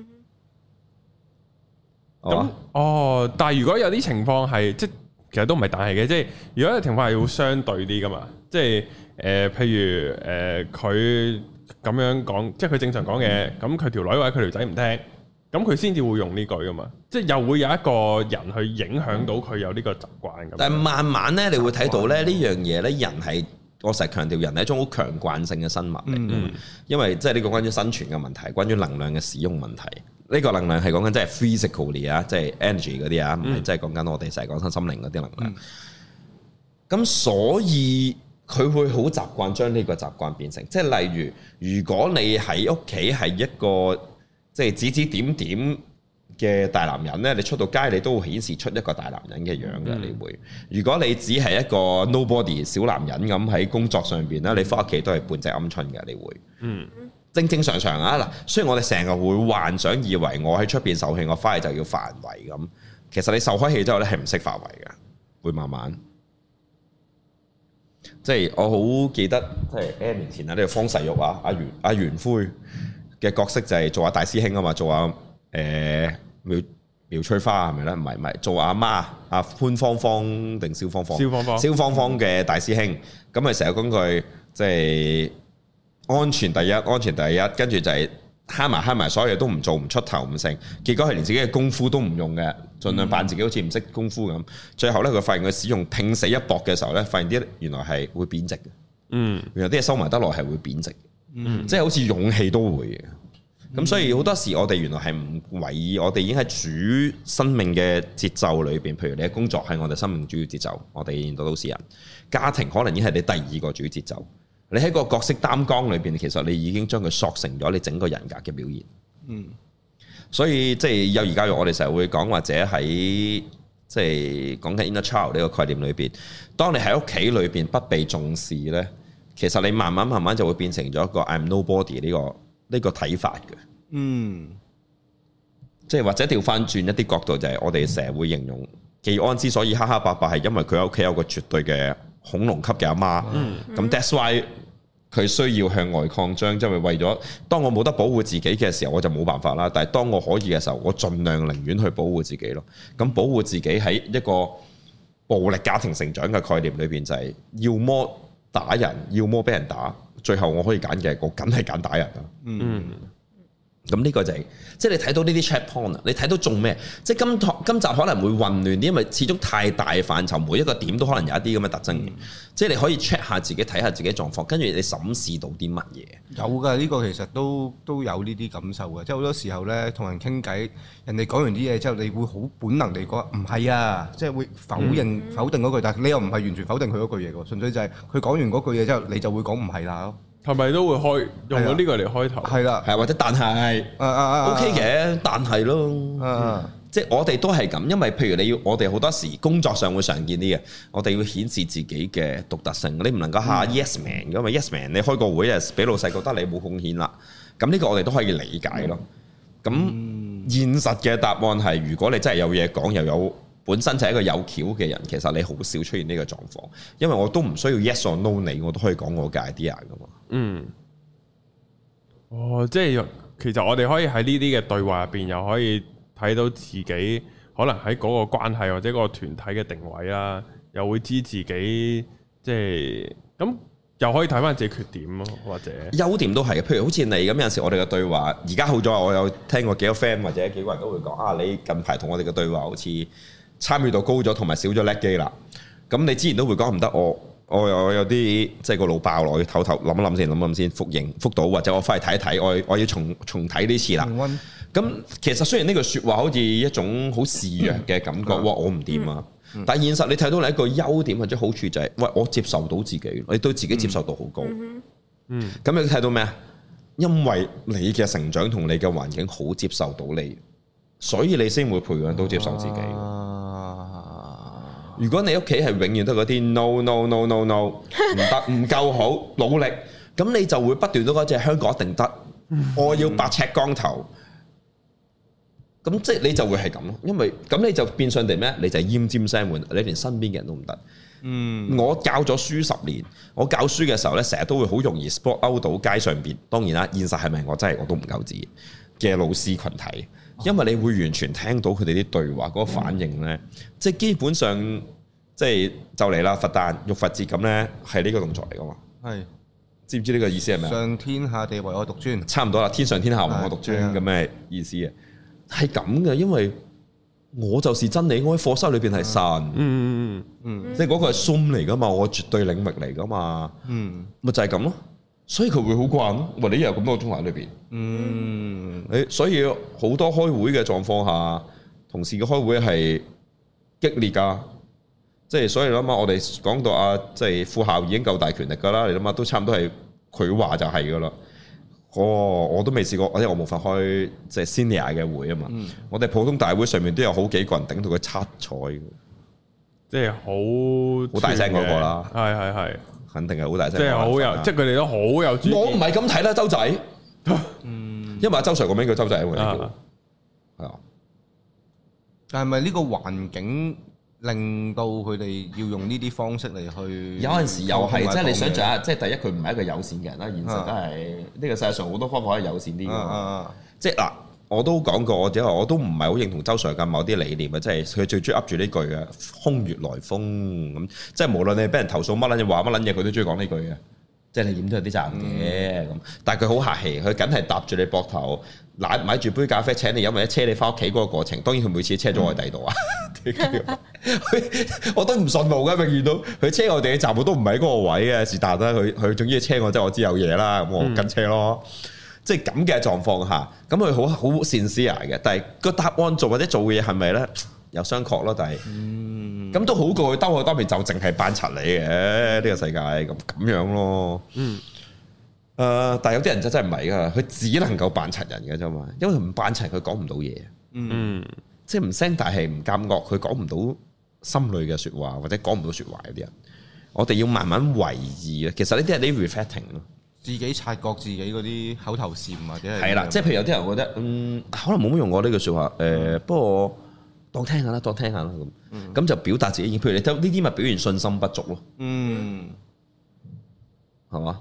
咁哦，但係如果有啲情況係即係，其實都唔係大氣嘅，即係如果啲情況係會相對啲噶嘛，即係誒、呃，譬如誒佢咁樣講，即係佢正常講嘢，咁佢條女或者佢條仔唔聽，咁佢先至會用呢句噶嘛，即係又會有一個人去影響到佢有呢個習慣。但係慢慢咧，你會睇到咧呢習慣 樣嘢咧，人係我成日強調，人係一種好強慣性嘅生物，嚟，嗯嗯、因為即係呢個關於生存嘅問題，關於能量嘅使用問題。呢個能量係講緊即係 physical 啊，即係 energy 嗰啲啊，即係講緊我哋成日講心心靈嗰啲能量。咁、嗯、所以佢會好習慣將呢個習慣變成，即係例如，如果你喺屋企係一個即係、就是、指指點點嘅大男人呢，你出到街你都會顯示出一個大男人嘅樣嘅，你會。如果你只係一個 nobody 小男人咁喺工作上邊啦，你返屋企都係半隻鵪鶉嘅，你會。嗯。正正常常啊嗱，雖然我哋成日會幻想以為我喺出邊受氣，我翻嚟就要發圍咁。其實你受開氣之後咧，係唔識發圍嘅，會慢慢。即係我好記得，即係 N 年前啊，呢個方世玉啊，阿元阿元華嘅角色就係做下大師兄啊嘛，做下誒苗苗翠花係咪咧？唔係唔係，做阿媽阿潘芳芳定蕭芳芳？蕭芳芳嘅大師兄，咁咪成日講佢即係。呃安全第一，安全第一，跟住就係慳埋慳埋，所有嘢都唔做唔出頭唔成，結果佢連自己嘅功夫都唔用嘅，盡量扮自己好似唔識功夫咁，最後咧佢發現佢使用拼死一搏嘅時候咧，發現啲原來係會貶值嘅，嗯，原來啲嘢收埋得落係會貶值，嗯，即係好似勇氣都會嘅，咁、嗯、所以好多時我哋原來係唔為意，我哋已經喺主生命嘅節奏裏邊，譬如你嘅工作係我哋生命主要節奏，我哋都都士人，家庭可能已經係你第二個主要節奏。你喺個角色擔綱裏邊，其實你已經將佢塑成咗你整個人格嘅表現。嗯，所以即係幼兒教育我，我哋成日會講，或者喺即係講緊 inner child 呢個概念裏邊，當你喺屋企裏邊不被重視咧，其實你慢慢慢慢就會變成咗一個 I'm nobody 呢、這個呢、這個睇法嘅。嗯，即係、就是、或者調翻轉一啲角度，就係、是、我哋成日會形容技安、嗯、之所以黑黑白白，係因為佢屋企有個絕對嘅。恐龍級嘅阿媽，咁 that's why 佢需要向外擴張，即係為咗當我冇得保護自己嘅時候，我就冇辦法啦。但係當我可以嘅時候，我盡量寧願去保護自己咯。咁保護自己喺一個暴力家庭成長嘅概念裏邊，就是，就係要麼打人，要麼俾人打。最後我可以揀嘅，我梗係揀打人啦。嗯。嗯咁呢個就係、是，即係你睇到呢啲 check point 你睇到做咩？即係今今集可能會混亂啲，因為始終太大範疇，每一個點都可能有一啲咁嘅特徵，即係你可以 check 下自己，睇下自己狀況，跟住你審視到啲乜嘢？有㗎，呢、這個其實都都有呢啲感受嘅。即係好多時候呢，同人傾偈，人哋講完啲嘢之後，你會好本能地講唔係啊，即係會否認、嗯、否定嗰句，但係你又唔係完全否定佢嗰句嘢喎。純粹就係佢講完嗰句嘢之後，你就會講唔係啦。係咪都會開用咗呢個嚟開頭？係啦的，係的或者但係，啊 OK 嘅，但係咯，即係我哋都係咁，因為譬如你要，我哋好多時工作上會常見啲嘅，我哋要顯示自己嘅獨特性，你唔能夠下、嗯、yes man 噶嘛，yes man 你開個會啊，俾、yes，老細覺得你冇貢獻啦，咁呢個我哋都可以理解咯。咁、嗯嗯、現實嘅答案係，如果你真係有嘢講，又有，有。本身就係一個有橋嘅人，其實你好少出現呢個狀況，因為我都唔需要 yes or no 你，我都可以講我嘅 idea 噶嘛。嗯，哦，即係其實我哋可以喺呢啲嘅對話入邊，又可以睇到自己可能喺嗰個關係或者個團體嘅定位啊，又會知自己即係咁，又可以睇翻自己缺點囉，或者優點都係譬如好似你咁有時，我哋嘅對話而家好咗，我有聽過幾多 friend 或者幾個人都會講啊，你近排同我哋嘅對話好似。參與度高咗，同埋少咗叻機啦。咁你之前都會講唔得，我我有啲即係個腦爆咯。我要唞唞，諗一諗先，諗諗先，複認複到或者我翻去睇一睇，我我要重重睇呢次啦。咁其實雖然呢句説話好似一種好示弱嘅感覺，嗯、哇！我唔掂啊。嗯嗯、但係現實你睇到係一個優點或者好處就係、是，喂！我接受到自己，你對自己接受度好高嗯。嗯，咁你睇到咩啊？因為你嘅成長同你嘅環境好接受到你，所以你先會培養到接受自己。如果你屋企係永遠都嗰啲 no no no no no 唔得，唔夠好努力，咁你就會不斷都嗰隻香港一定得，我要百尺竿頭，咁即係你就會係咁咯。因為咁你就變相地咩？你就係奄尖聲悶，你連身邊嘅人都唔得。嗯，我教咗書十年，我教書嘅時候咧，成日都會好容易 sport out 到街上邊。當然啦，現實係咪我真係我都唔夠知嘅老師群體。因為你會完全聽到佢哋啲對話嗰、那個反應呢、嗯、即係基本上，即係就嚟、是、啦，佛誕浴佛節咁呢，係呢個動作嚟噶嘛？係是知唔知呢個意思係咩？上天下地唯我獨尊，差唔多啦，天上天下唯我獨尊咁嘅意思啊，係咁嘅，因為我就是真理，我喺課室裏邊係神，嗯嗯嗯，即係嗰個係心嚟噶嘛，我絕對領域嚟噶嘛，嗯，咪、嗯、就係咁咯。所以佢會好慣咯，話、哎、你一日咁多鐘頭裏邊，嗯，你所以好多開會嘅狀況下，同事嘅開會係激烈噶，即、就、係、是、所以諗下，我哋講到啊，即係副校已經夠大權力噶啦，你諗下都差唔多係佢話就係噶啦。哦，我都未試過，因為我冇法開即係、就是、senior 嘅會啊嘛。嗯、我哋普通大會上面都有好幾個人頂到佢七彩，即係好好大聲嗰個啦。係係係。肯定係好大聲，即係好有，即係佢哋都好有主。我唔係咁睇啦，周仔，嗯，因為阿周 Sir 個名叫周仔，我係啊。但係咪呢個環境令到佢哋要用呢啲方式嚟去？有陣時又係，即係你想象下，即係第一佢唔係一個友善嘅人啦。現實都係呢個世界上好多方法可以友善啲㗎嘛。即係嗱。啊就是我都講過，我只係我都唔係好認同周 Sir 嘅某啲理念啊！即係佢最中意噏住呢句嘅空穴來風咁，即係無論你俾人投訴乜撚嘢話乜撚嘢，佢都中意講呢句嘅。即係你點都有啲讚嘅咁，嗯、但係佢好客氣，佢梗係搭住你膊頭，攬買住杯咖啡請你飲，或者車你翻屋企嗰個過程。當然佢每次車咗我去第二度啊，我都唔順路嘅，永遠到佢車我地嘅站都唔係喺嗰個位嘅，是但啦。佢佢總之係車我即係我知有嘢啦，咁我跟車咯。嗯。即係咁嘅狀況下，咁佢好好 sincere 啊嘅，但係個答案做或者做嘅嘢係咪咧？又相確咯，但係咁、嗯、都好過佢兜去當面就淨係扮柒你嘅呢個世界咁咁樣咯。嗯，誒、呃，但係有啲人就真係唔係噶，佢只能夠扮柒人嘅啫嘛，因為唔扮柒佢講唔到嘢。嗯，嗯，即係唔聲，但係唔夾惡，佢講唔到心裏嘅説話或者講唔到説話嗰啲人，我哋要慢慢維持啊。其實呢啲係啲 reflecting 咯。自己察覺自己嗰啲口頭禪或者係，係啦，即係譬如有啲人覺得，嗯，可能冇乜用過呢句説話，誒、呃，不過當聽下啦，當聽下啦咁，咁、嗯、就表達自己，譬如你呢啲咪表現信心不足咯，嗯吧，係嘛？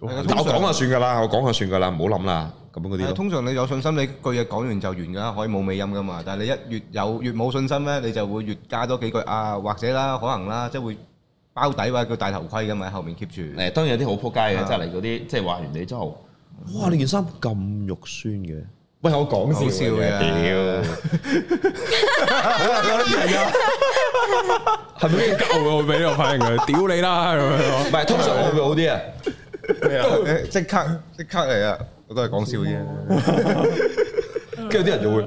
我講下算噶啦，我講下算噶啦，唔好諗啦，咁嗰啲咯。通常你有信心，你句嘢講完就完噶，可以冇尾音噶嘛。但係你一越有越冇信心咧，你就會越加多幾句啊，或者啦，可能啦，即係會。包底話叫戴頭盔噶嘛，喺後面 keep 住。誒， 當然有啲好撲街嘅，即係嚟嗰啲，即係話完你之後，哇，你件衫咁肉酸嘅。喂、 欸，我講笑嘅。屌 係咩舊嘅？我俾我反應佢，屌你啦咁樣。唔係，通常我會好啲 麼 啊。係啊，即刻即刻嚟啊！我都係講笑啫。跟住啲人就會。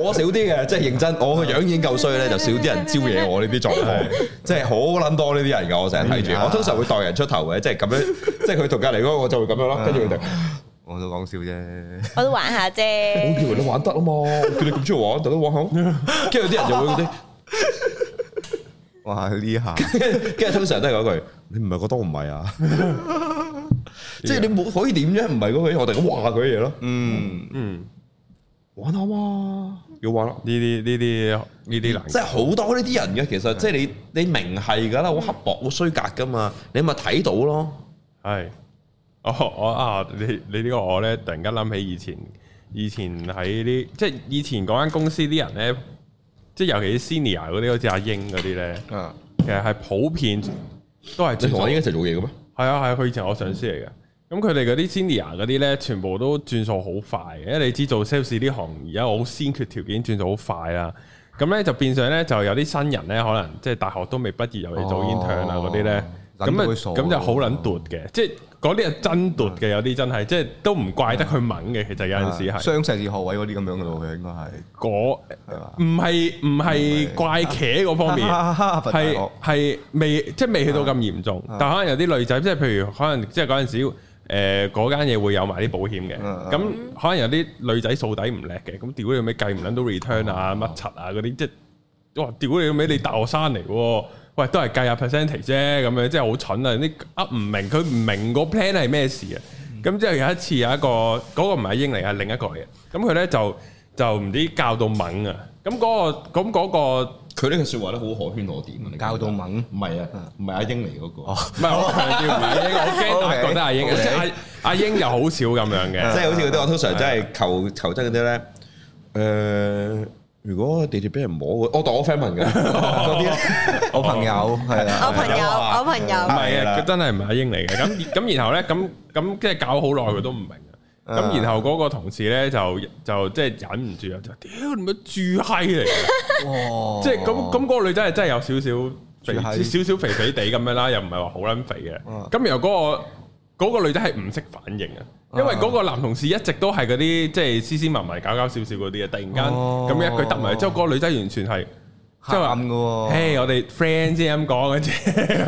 我少啲嘅，即係認真，我個樣已經夠衰咧，就少啲人招惹我呢啲狀況。即係好捻多呢啲人噶，我成日睇住，我通常會代人出頭嘅，即係咁樣，即係佢同隔籬嗰個，我就會咁樣咯。跟住佢哋，我都講笑啫，我都玩下啫。我以為你玩得啊嘛，叫你咁出意玩，特登玩好。跟住啲人就會嗰啲，哇呢下，跟住通常都係嗰句，你唔係覺得唔係啊？即係你冇可以點啫？唔係嗰句，我哋咁話佢嘢咯。嗯嗯。玩啊要玩咯、啊！呢啲呢啲呢啲，即係好多呢啲人嘅。其實即係你你明係噶啦，好刻薄，好衰格噶嘛，你咪睇到咯。係，我我啊，你你呢個我咧，突然間諗起以前以前喺啲，即係以前嗰間公司啲人咧，即係尤其啲 senior 嗰啲，好似阿英嗰啲咧，啊，其實係普遍都係你同阿英一齊做嘢嘅咩？係啊係，佢以前我上司嚟嘅。咁佢哋嗰啲 senior 嗰啲咧，全部都轉數好快，因為你知做 sales 呢行而家好先決條件轉數好快啦。咁咧就變相咧，就有啲新人咧，可能即係大學都未畢業又去做 intern 啊嗰啲咧，咁啊咁就好撚奪嘅，即係嗰啲係真奪嘅，有啲真係，即係都唔怪得佢猛嘅。其實有陣時係雙碩士學位嗰啲咁樣嘅咯，嘅，應該係嗰唔係唔係怪茄嗰方面，係係未即係未去到咁嚴重，但可能有啲女仔即係譬如可能即係嗰陣時。誒嗰、呃、間嘢會有埋啲保險嘅，咁、嗯、可能有啲女仔掃底唔叻嘅，咁屌，啊啊、屌你老尾，啊、計唔撚到 return 啊乜柒啊嗰啲，即係哇屌你老尾你大學生嚟喎，喂都係計下 percentage 啫，咁樣即係好蠢啊，你噏唔明佢唔明個 plan 係咩事啊，咁、嗯、之後有一次有一個嗰、那個唔係英嚟啊，另一個嚟嘅，咁佢咧就就唔知教到猛啊。咁嗰個，咁嗰個，佢呢句説話都好可圈可點啊！教到懵，唔係啊，唔係阿英嚟嗰個，唔係我係叫阿英，我驚啊，覺得阿英，即係阿英又好少咁樣嘅，即係好似嗰啲我通常真係求求真嗰啲咧，誒，如果地鐵俾人摸，我我當我 family 嘅，嗰啲我朋友係啦，我朋友，我朋友，唔係啊，佢真係唔係阿英嚟嘅，咁咁然後咧，咁咁即係搞好耐，佢都唔明。咁、嗯、然後嗰個同事咧，就就即係忍唔住啊！就屌你咪豬閪嚟，即係咁咁嗰個女仔係真係有少少肥，少少肥肥地咁樣啦，又唔係話好撚肥嘅。咁然後嗰、嗰個嗰個女仔係唔識反應啊，因為嗰個男同事一直都係嗰啲即係斯斯文文搞搞少少嗰啲啊，突然間咁一句噏埋，之後嗰個女仔完全係。即係咁嘅，誒，我哋 friend 先咁講嘅啫，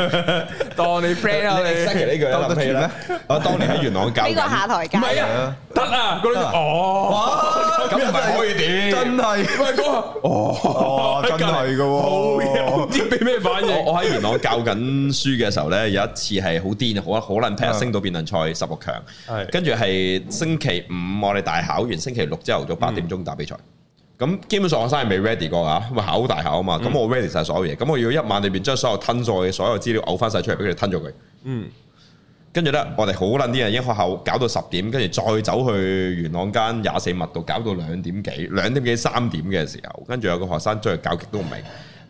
當你 friend 我哋星期呢個你諗得住咩？我當年喺元朗教呢個下台教，係啊，得啊，哦，咁唔係可以點？真係喂，哥，哦，真係嘅喎，啲俾咩反應？我喺元朗教緊書嘅時候咧，有一次係好癲，好好難日升到辯論賽十六強，跟住係星期五我哋大考完，星期六朝頭早八點鐘打比賽。咁基本上學生係未 ready 過㗎，咁考大考啊嘛，咁我 ready 晒所有嘢，咁、嗯、我要一晚裏邊將所有吞咗嘅所有資料嘔翻晒出嚟俾佢哋吞咗佢。嗯，跟住咧，我哋好撚啲人，一學校搞到十點，跟住再走去元朗間廿四密度，搞到兩點幾、兩點幾、三點嘅時候，跟住有個學生去搞極都唔明，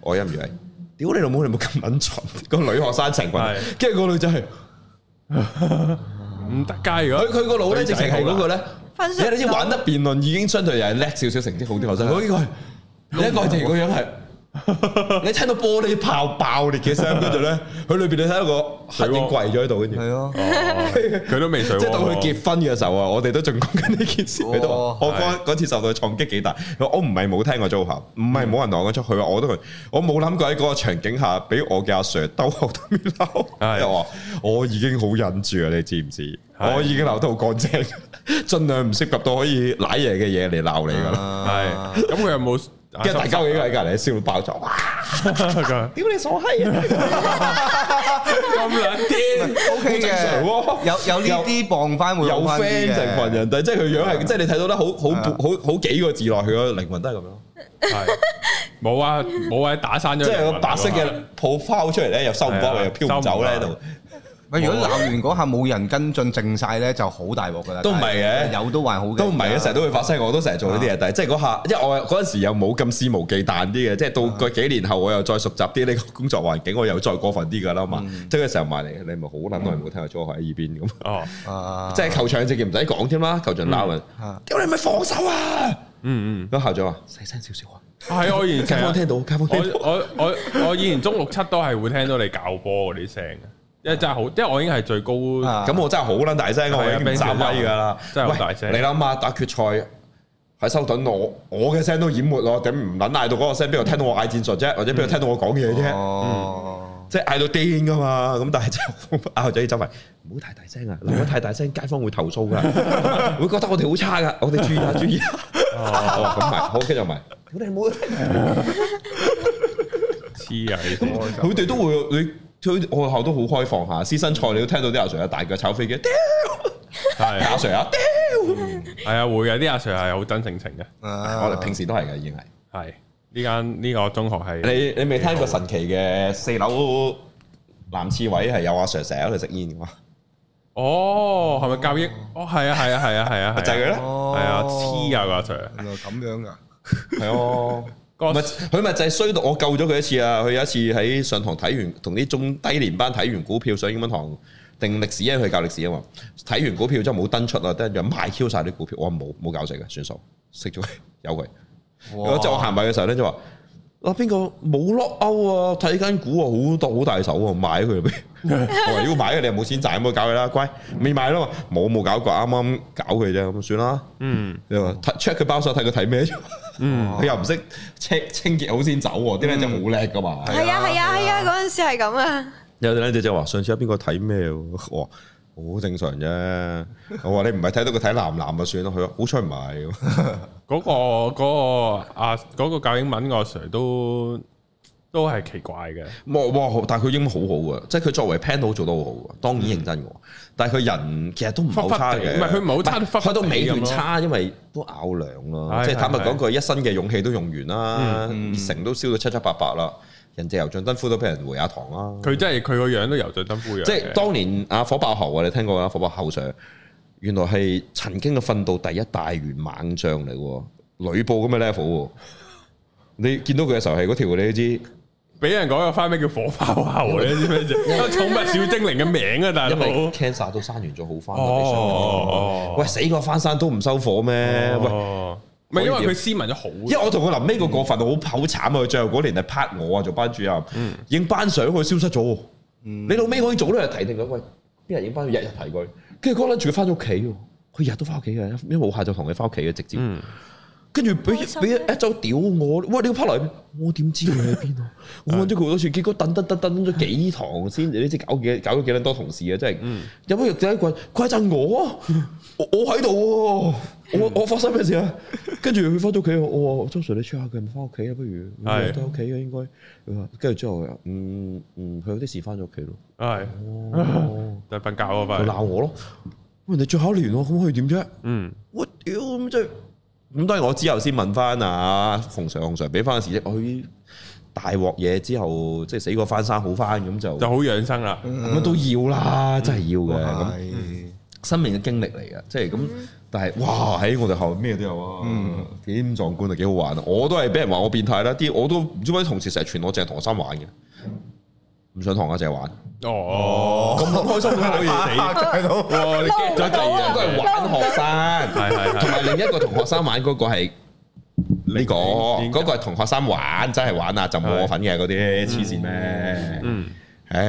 我一唔以為，屌你老母，你冇咁撚蠢， 個女學生情況的，跟住個女仔係唔得街，如果佢佢個呢、嗯、腦咧，直情係嗰個咧。你哋玩得辯論已經相對又係叻少少，成績好啲學生。我呢個，呢個就咁樣係。你聽到玻璃泡爆裂嘅聲，跟住咧，佢裏邊你睇到個頭已經跪咗喺度，跟住係咯，佢都未水。即係到佢結婚嘅時候啊，我哋都仲講緊呢件事。佢都我嗰次受到嘅衝擊幾大。我唔係冇聽我租客唔係冇人攞我出去。我都我冇諗過喺嗰個場景下，俾我嘅阿 Sir 兜口兜面鬧。又話我已經好忍住啊，你知唔知？我已經鬧得好乾淨。盡量唔涉及到可以瀨嘢嘅嘢嚟鬧你噶啦，係咁佢又冇？即係大家幾個喺隔籬笑到爆炸，哇！點解你傻閪咁冷啲，O K 嘅，有有呢啲傍翻，有 friend 成群人，但係即係佢樣係，即係你睇到得好好好好幾個字落去個靈魂都係咁樣，係冇啊冇啊打散，咗。即係個白色嘅抱拋出嚟咧，又收唔到，又飄唔走咧喺度。如果鬧完嗰下冇人跟進，靜晒咧就好大鑊噶啦。都唔係嘅，有都還好嘅。都唔係嘅，成日都會發生。我都成日做呢啲嘢，但係即係嗰下，因為我嗰陣時又冇咁肆無忌憚啲嘅。即係到個幾年後，我又再熟習啲呢個工作環境，我又再過分啲噶啦嘛。即係佢成日埋嚟，你咪好撚耐人冇聽我，左喺耳邊咁。哦，即係球場直接唔使講添啦，球場鬧人，叫你咪放手啊！嗯嗯，個校長話細聲少少啊。係我以前聽到，我我我以前中六七都係會聽到你搞波嗰啲聲因為真係好，因為我已經係最高，咁、啊、我真係好捻大聲，我已經站低噶啦。真係大聲，你諗下、啊、打決賽喺修頓，我我嘅聲都淹沒我，點唔捻嗌到嗰個聲？邊度聽到我嗌戰術啫？或者邊度聽到我講嘢啫？嗯哦、即係嗌到癲噶嘛？咁但係就阿仔走埋，唔好太大聲啊！如果太大聲，街坊會投訴噶，會覺得我哋好差噶。我哋注意下、啊，注意下、啊。哦， 哦，咁係，好，跟住埋，好靚模，黐鬼、哦， 佢哋都會你。佢學校都好開放下，私生菜你都聽到啲阿 Sir 大腳炒飛機屌，係、啊 啊、阿 Sir 阿屌，係啊會嘅，啲阿 Sir 係好真性情嘅。我哋平時都係嘅，已經係。係呢間呢個中學係你你未聽過神奇嘅四樓男廁位係有阿 Sir 成日喺度食煙嘅嘛？哦，係咪教益？哦、係、哦、啊，係啊，係啊，係啊，啊， 啊，就係佢啦。係、哦、啊，黐、那、啊個阿 Sir，原來咁樣噶。係是啊。 佢咪就係衰到我救咗佢一次啊！佢有一次喺上堂睇完，同啲中低年班睇完股票上英文堂，定歷史，因為佢教歷史啊嘛。睇完股票就冇登出啊，突然就賣超晒啲股票。我冇冇搞成哇啊。算數，識咗佢，有佢。我即係我行埋嘅時候咧，就話：，啊邊個冇 lock out 啊？睇緊股啊，好多好大手啊，買佢咩？ 我話要買嘅，你又冇錢賺，咁該搞佢啦，乖，未買咯冇冇搞過，啱啱搞佢啫，咁算啦。嗯，你話 check 佢包手睇佢睇咩？看他看他看嗯，佢又唔識清清潔好先走，啲靚仔好叻噶嘛。係啊係啊係啊，嗰陣時係咁啊。啊有啲靚仔就話上次有邊個睇咩？好正常啫。 我話你唔係睇到佢睇男男啊，算咯。佢話好彩唔係。嗰個嗰個啊，嗰個教英文個 Sir 都。都係奇怪嘅，哇哇！但係佢英文好好嘅，即係佢作為 Panel 做得好好嘅，當然認真嘅。嗯、但係佢人其實都唔好差嘅，唔係佢唔好差，差到不美元差，因為都咬糧咯。是是是，即係坦白講，佢一生嘅勇氣都用完啦、啊，熱誠都燒到七七八八啦。人哋油盡燈枯都俾人回下堂啦、啊。佢真係佢個樣都油盡燈枯樣。嘅，即係當年阿火爆喉，啊，你聽過啊？阿火爆喉上原來係曾經嘅訓導第一大元猛將嚟，呂布咁嘅 level。你見到佢嘅時候係嗰條你都知。俾人講個花名叫火爆猴？你知咩啫？寵物小精靈嘅名啊，大佬！Cancer 都生完咗好翻啦，啲傷口。喂，死過翻山都唔收火咩？喂，唔係因為佢斯文咗好。因為我同佢臨尾個過分好，好慘啊！佢最後嗰年係拍我啊，做班主任影班相佢消失咗喎。你老尾可以早都係提定佢，喂，邊日影班？佢日日提佢，跟住嗰陣時佢翻咗屋企喎，佢日日都翻屋企嘅，因為冇下晝同佢翻屋企嘅直接。跟住俾俾一早屌我，哇！你趴嚟，我點知你喺邊啊？我搵咗佢好多次，結果等等等等咗幾堂先，你先搞幾搞咗幾多同事啊？即係，有乜嘢第一句怪責我？我我喺度，我我發生咩事啊？跟住佢翻咗屋企，我話周 Sir 你 check 下佢唔咪翻屋企啊？不如係翻屋企啊。應該，跟住之後又嗯嗯，佢有啲事翻咗屋企咯。係哦，但瞓覺啊嘛，鬧我咯，喂，你最好聯咯，咁可以點啫？嗯，我屌咁真。咁當然我之後先問翻啊，馮 Sir 洪 Sir 俾翻個事跡，我去大鑊嘢之後即係死過翻生好翻，咁就就好養生啦，咁、嗯、都要啦，嗯、真係要嘅咁的、嗯，生命嘅經歷嚟嘅。即係咁，但係哇喺、哎、我哋後面咩都有啊，幾、嗯、壯觀啊幾好玩啊，我都係俾人話我變態啦，啲我都唔知點解同事成日傳我淨係同學生玩嘅。嗯唔想同我就係玩哦，咁好開心，可以死見到，你驚咗地嘅。一個係玩學生，係係係，同埋另一個同學生玩嗰個係呢個，嗰個係同學生玩，真係玩啊，就冇我份嘅嗰啲黐線咩？嗯，唉，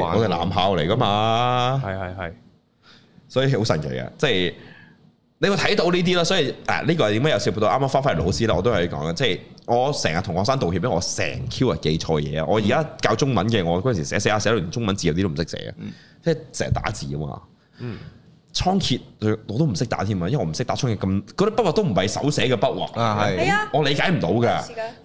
嗰個男校嚟噶嘛？係係係，所以好神奇啊，即係。你會睇到呢啲啦，所以誒呢、啊呢個係點解又笑到啱啱翻返嚟老師啦，我都係講嘅，即、就、係、是、我成日同學生道歉，因為我成 Q 係記錯嘢啊！嗯、我而家教中文嘅，我嗰陣時寫寫下寫到連中文字有啲都唔識寫啊，嗯、即係成日打字啊嘛。倉頡、嗯，我都唔識打添啊，因為我唔識打倉頡咁嗰啲筆畫都唔係手寫嘅筆畫啊，係啊，我理解唔到嘅，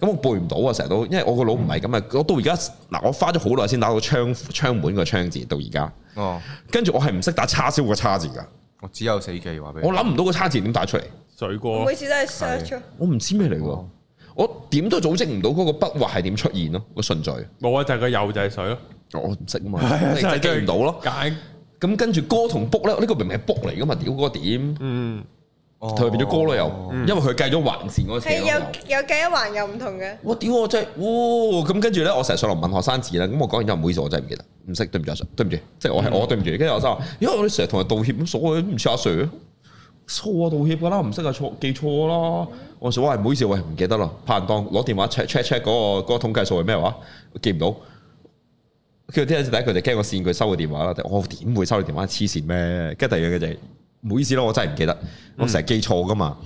咁我常常背唔到啊，成日都因為我個腦唔係咁啊，嗯、我到而家嗱，我花咗好耐先打到窗窗門個窗字，到而家哦，跟住我係唔識打叉燒個叉字噶。我只有死記話俾你，我諗唔到個差字點打出嚟。水哥果，每次都係 search，是我唔知咩嚟嘅。哦、我點都組織唔到嗰個筆畫係點出現咯，個順序。冇啊，就係個幼仔水咯，我唔識啊嘛，你係 記唔到咯。咁 跟住歌同 book 咧，呢、呢個明明係 book 嚟噶嘛，屌、那、嗰個點？嗯。佢變咗歌咯，又因為佢計咗環線嗰次，係又計一環又唔同嘅。我屌我真係，哇咁跟住咧，我成日上嚟問學生字啦。咁我講完之後唔好意思，我真係唔記得，唔識對唔住、嗯、阿 Sir，對唔住，即係我係我對唔住。跟住學生話，因為我哋成日同佢道歉咁，所以唔似阿 Sir 錯道歉噶啦，唔識啊錯記錯啦。嗯、我話 Sir 我係唔好意思，我係唔記得咯，拍檔攞電話 check check check 嗰個嗰、嗰個統計數係咩話？我記唔到。佢聽下先，第一佢哋驚我線，佢收我電話啦。我點會收你電話？黐線咩？跟第二嘅就係、是。唔好意思咯，我真係唔記得，我成日記錯噶嘛。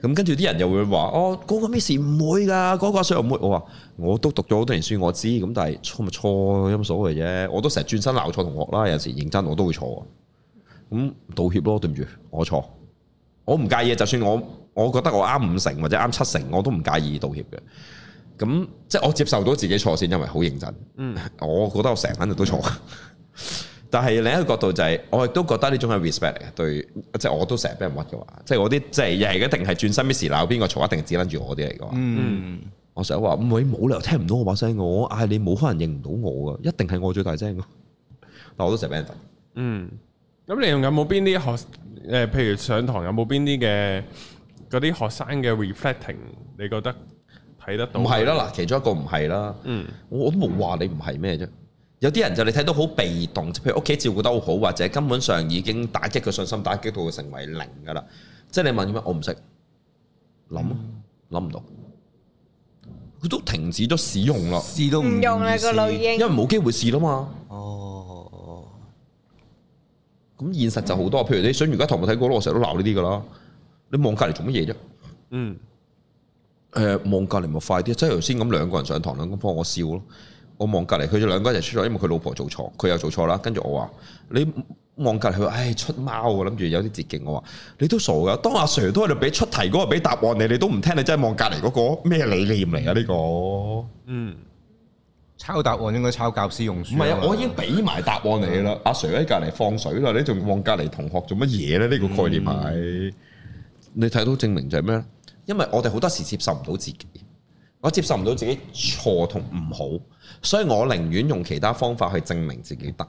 咁、嗯、跟住啲人又會話，哦，嗰、那個 Miss 唔會㗎，嗰、那個阿 Sir 唔會。我話我都讀咗好多年書，我知。咁但係錯咪錯，有乜所謂啫？我都成日轉身鬧錯同學啦。有時認真我都會錯，咁道歉咯，對唔住，我錯。我唔介意，就算我我覺得我啱五成或者啱七成，我都唔介意道歉嘅。咁即係我接受到自己錯先，因為好認真。嗯、我覺得我成日肯定都錯。嗯但係另一個角度就係，我亦都覺得呢種係 respect 嚟嘅，對，即係我都成日俾人屈嘅話，即係我啲即係又係一定係轉身 miss 鬧邊個嘈，一定係指撚住我啲嚟嘅話。嗯，我成日話唔會冇理由聽唔到我把聲，我嗌你冇可能認唔到我嘅，一定係我最大聲嘅。但我都成日俾人揼。嗯，咁你仲有冇邊啲學誒？譬如上堂有冇邊啲嘅嗰啲學生嘅 reflecting？你覺得睇得唔係啦，嗱，其中一個唔係啦。嗯，我都冇話你唔係咩啫。嗯嗯有啲人就你睇到好被動，即譬如屋企照顧得好好，或者根本上已經打擊個信心，打擊到佢成為零噶啦。即係你問點乜，我唔識諗咯，諗唔、啊、到，佢都停止咗使用啦，試都唔用啦個錄音，試因為冇機會試啦嘛哦。哦，咁現實就好多，譬如你想而家堂務睇過咯，我成日都鬧呢啲噶啦。你望隔籬做乜嘢啫？嗯，誒、呃，望隔籬咪快啲，即係頭先咁兩個人上堂，兩個人幫我笑咯。我望隔籬，佢就兩個人一齊出錯，因為佢老婆做錯，佢又做錯啦。跟住我話：你望隔籬佢，唉，出貓我諗住有啲捷徑。我話：你都傻噶，當阿 Sir 都喺度俾出題嗰個俾答案你，你都唔聽，你真係望隔籬嗰個咩理念嚟啊？呢、這個嗯，抄答案應該抄教師用書。唔係啊，我已經俾埋答案你啦。 啊、阿 Sir 喺隔籬放水啦，你仲望隔籬同學做乜嘢咧？呢、這個概念係、嗯、你睇到證明就係咩？因為我哋好多時接受唔到自己，我接受唔到自己錯同唔好。所以我寧願用其他方法去證明自己得，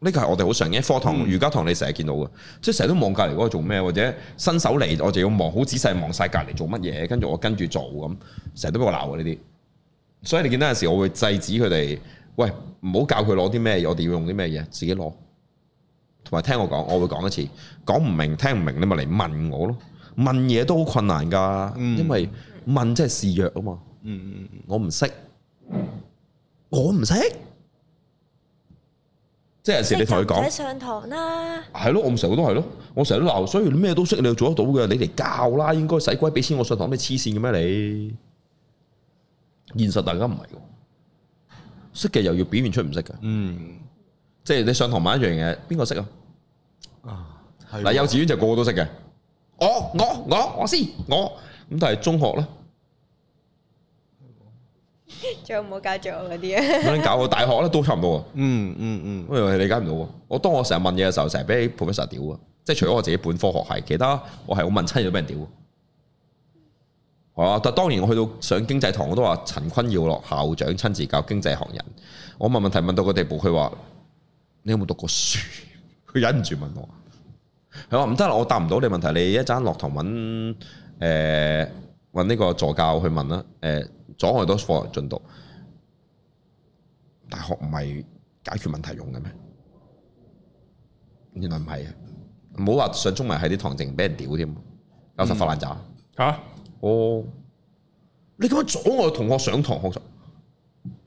呢個係我哋好常嘅課堂瑜伽堂你成日見到嘅，即係成日都望隔籬度做咩，或者伸手嚟，我就要望好仔細望晒隔籬做乜嘢，跟住我跟住做咁，成日都俾我鬧呢啲。所以你見到有陣時我會制止佢哋，喂，唔好教佢攞啲咩，我哋要用啲咩嘢，自己攞。同埋聽我講，我會講一次，講唔明聽唔明，你咪嚟問我咯。問嘢都好困難噶，因為問即係示弱啊嘛。我唔識。我唔識，即係有時你同佢講唔使上堂啦，係咯，我唔成日都係咯，我成日都鬧，所以你咩都識，你又做得到嘅，你嚟教啦，應該使鬼俾錢我上堂咩？黐線嘅咩你？現實大家唔係嘅，識嘅又要表現出唔識嘅，嗯，即係你上堂買一樣嘢，邊個識啊？啊，嗱，幼稚園就個個都識嘅，我、我、我、我先，我咁但係中學咧。做唔好教做嗰啲嘢， 搞我諗教個大學咧都差唔多啊。嗯嗯嗯，我理解唔到。我當我成日問嘢嘅時候，成日俾 professor 屌啊。即係除咗我自己本科學系，其他我係好問親嘢都俾人屌。係啊，但係當年我去到上經濟堂，我都話陳坤耀咯，校長親自教經濟學人。我問問題問到個地步，佢話你有冇讀過書？佢忍唔住問我，係話唔得啦，我答唔到你問題。你一陣落堂問誒。呃搵呢個助教去問啦，誒、欸，阻礙到課外進度。大學唔係解決問題用嘅咩？原來唔係啊！唔好話上中文喺啲堂淨俾人屌添，教授發爛渣吓？啊、哦，你咁樣阻礙同學上堂學習，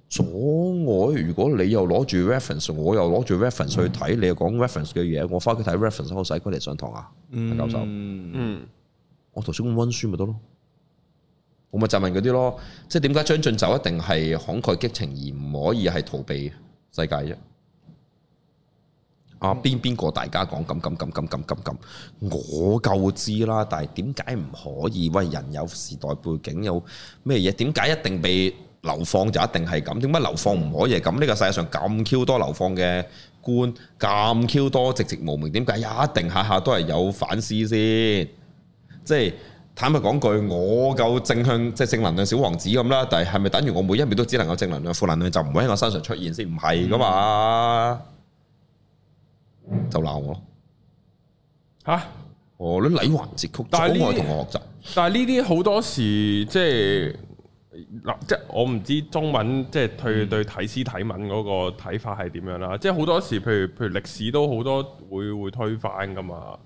阻礙？如果你又攞住 reference，我又攞住 reference 去睇，你又講 reference 嘅嘢，我翻去睇 reference，好使佢嚟上堂啊？教授，嗯，嗯，我頭先咁溫書咪得咯。我咪就問嗰啲咯，即係點解《將進酒》一定係慷慨激情而唔可以係逃避世界啫？啊，邊邊個大家講咁咁咁咁咁咁咁，我夠知啦。但係點解唔可以？喂，人有時代背景有咩嘢？點解一定被流放就一定係咁？點解流放唔可以咁？呢個世界上咁 Q 多流放嘅官，咁 Q 多寂寂無名，點解一定下下都係有反思先？即係。坦白講句，我夠正向即係正能量小王子咁啦，但係係咪等於我每一秒都只能夠正能量，負能量就唔會喺我身上出現先？唔係噶嘛，嗯、就鬧我咯吓哈？我諗禮環節曲，好開同學學習。但係呢啲好多時即係嗱，即係我唔知中文、嗯、即係對對睇詩睇文嗰個睇法係點樣啦？即係好多時，譬如譬如歷史都好多會會推翻噶嘛。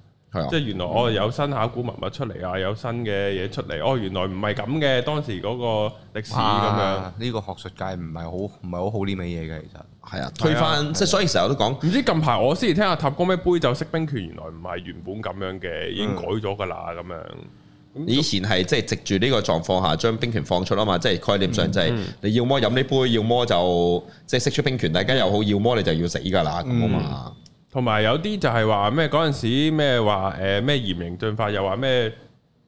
即係原來我有新考古文物，物出嚟啊，有新嘅嘢出嚟。哦，原來唔係咁嘅，當時嗰個歷史咁樣。呢、呢個學術界唔係好唔係好好呢味嘢嘅，其實係啊，推翻即係、啊、所以成日都講。唔知近排我先至聽阿塔哥咩杯酒釋兵權，原來唔係原本咁樣嘅，已經改咗㗎啦咁樣。嗯、就以前係即係藉住呢個狀況下將兵權放出啊嘛，即係概念上就係你要麼飲呢杯，要麼就即係釋出兵權，大家又好；要麼你就要死㗎啦咁啊嘛。嗯同埋有啲就係話咩嗰陣時咩話誒咩嚴刑峻法，又話咩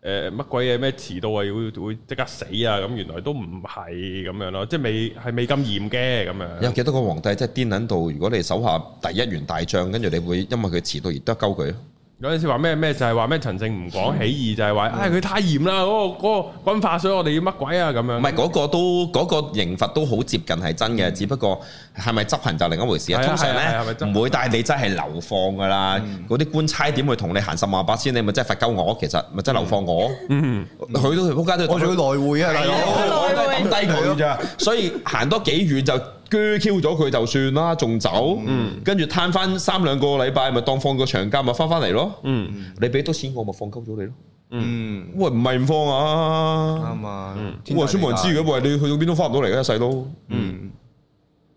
誒乜鬼嘢咩遲到啊會會即刻死啊，咁原來都唔係咁樣咯，即係未係未咁嚴嘅咁樣。就是、樣有幾多個皇帝真係癲喺度？如果你手下第一員大將，跟住你會因為佢遲到而得鳩佢。有陣時話咩咩就係話咩，陳勝唔講起義就係話，唉佢太嚴啦，嗰個嗰個軍法所我哋要乜鬼啊咁樣。唔係嗰個都嗰個刑罰都好接近係真嘅，只不過係咪執行就另一回事啊。通常咧唔會，帶你真係流放㗎啦。嗰啲官差點會同你行十萬八千，你咪真係罰鳩我，其實咪真係流放我。嗯，佢都仆街都。我仲要來回啊大佬，我都抌低佢咋，所以行多幾遠就。鋸 Q 咗佢就算啦，仲走，跟住攤翻三兩個禮拜，咪當放個長假，咪翻翻嚟咯。嗯，你俾多錢我咪放鳩咗你咯。嗯，喂，唔係唔放啊？啱啊，嗯，喂，村民知如果喂，你去到邊都翻唔到嚟嘅，一世都。嗯，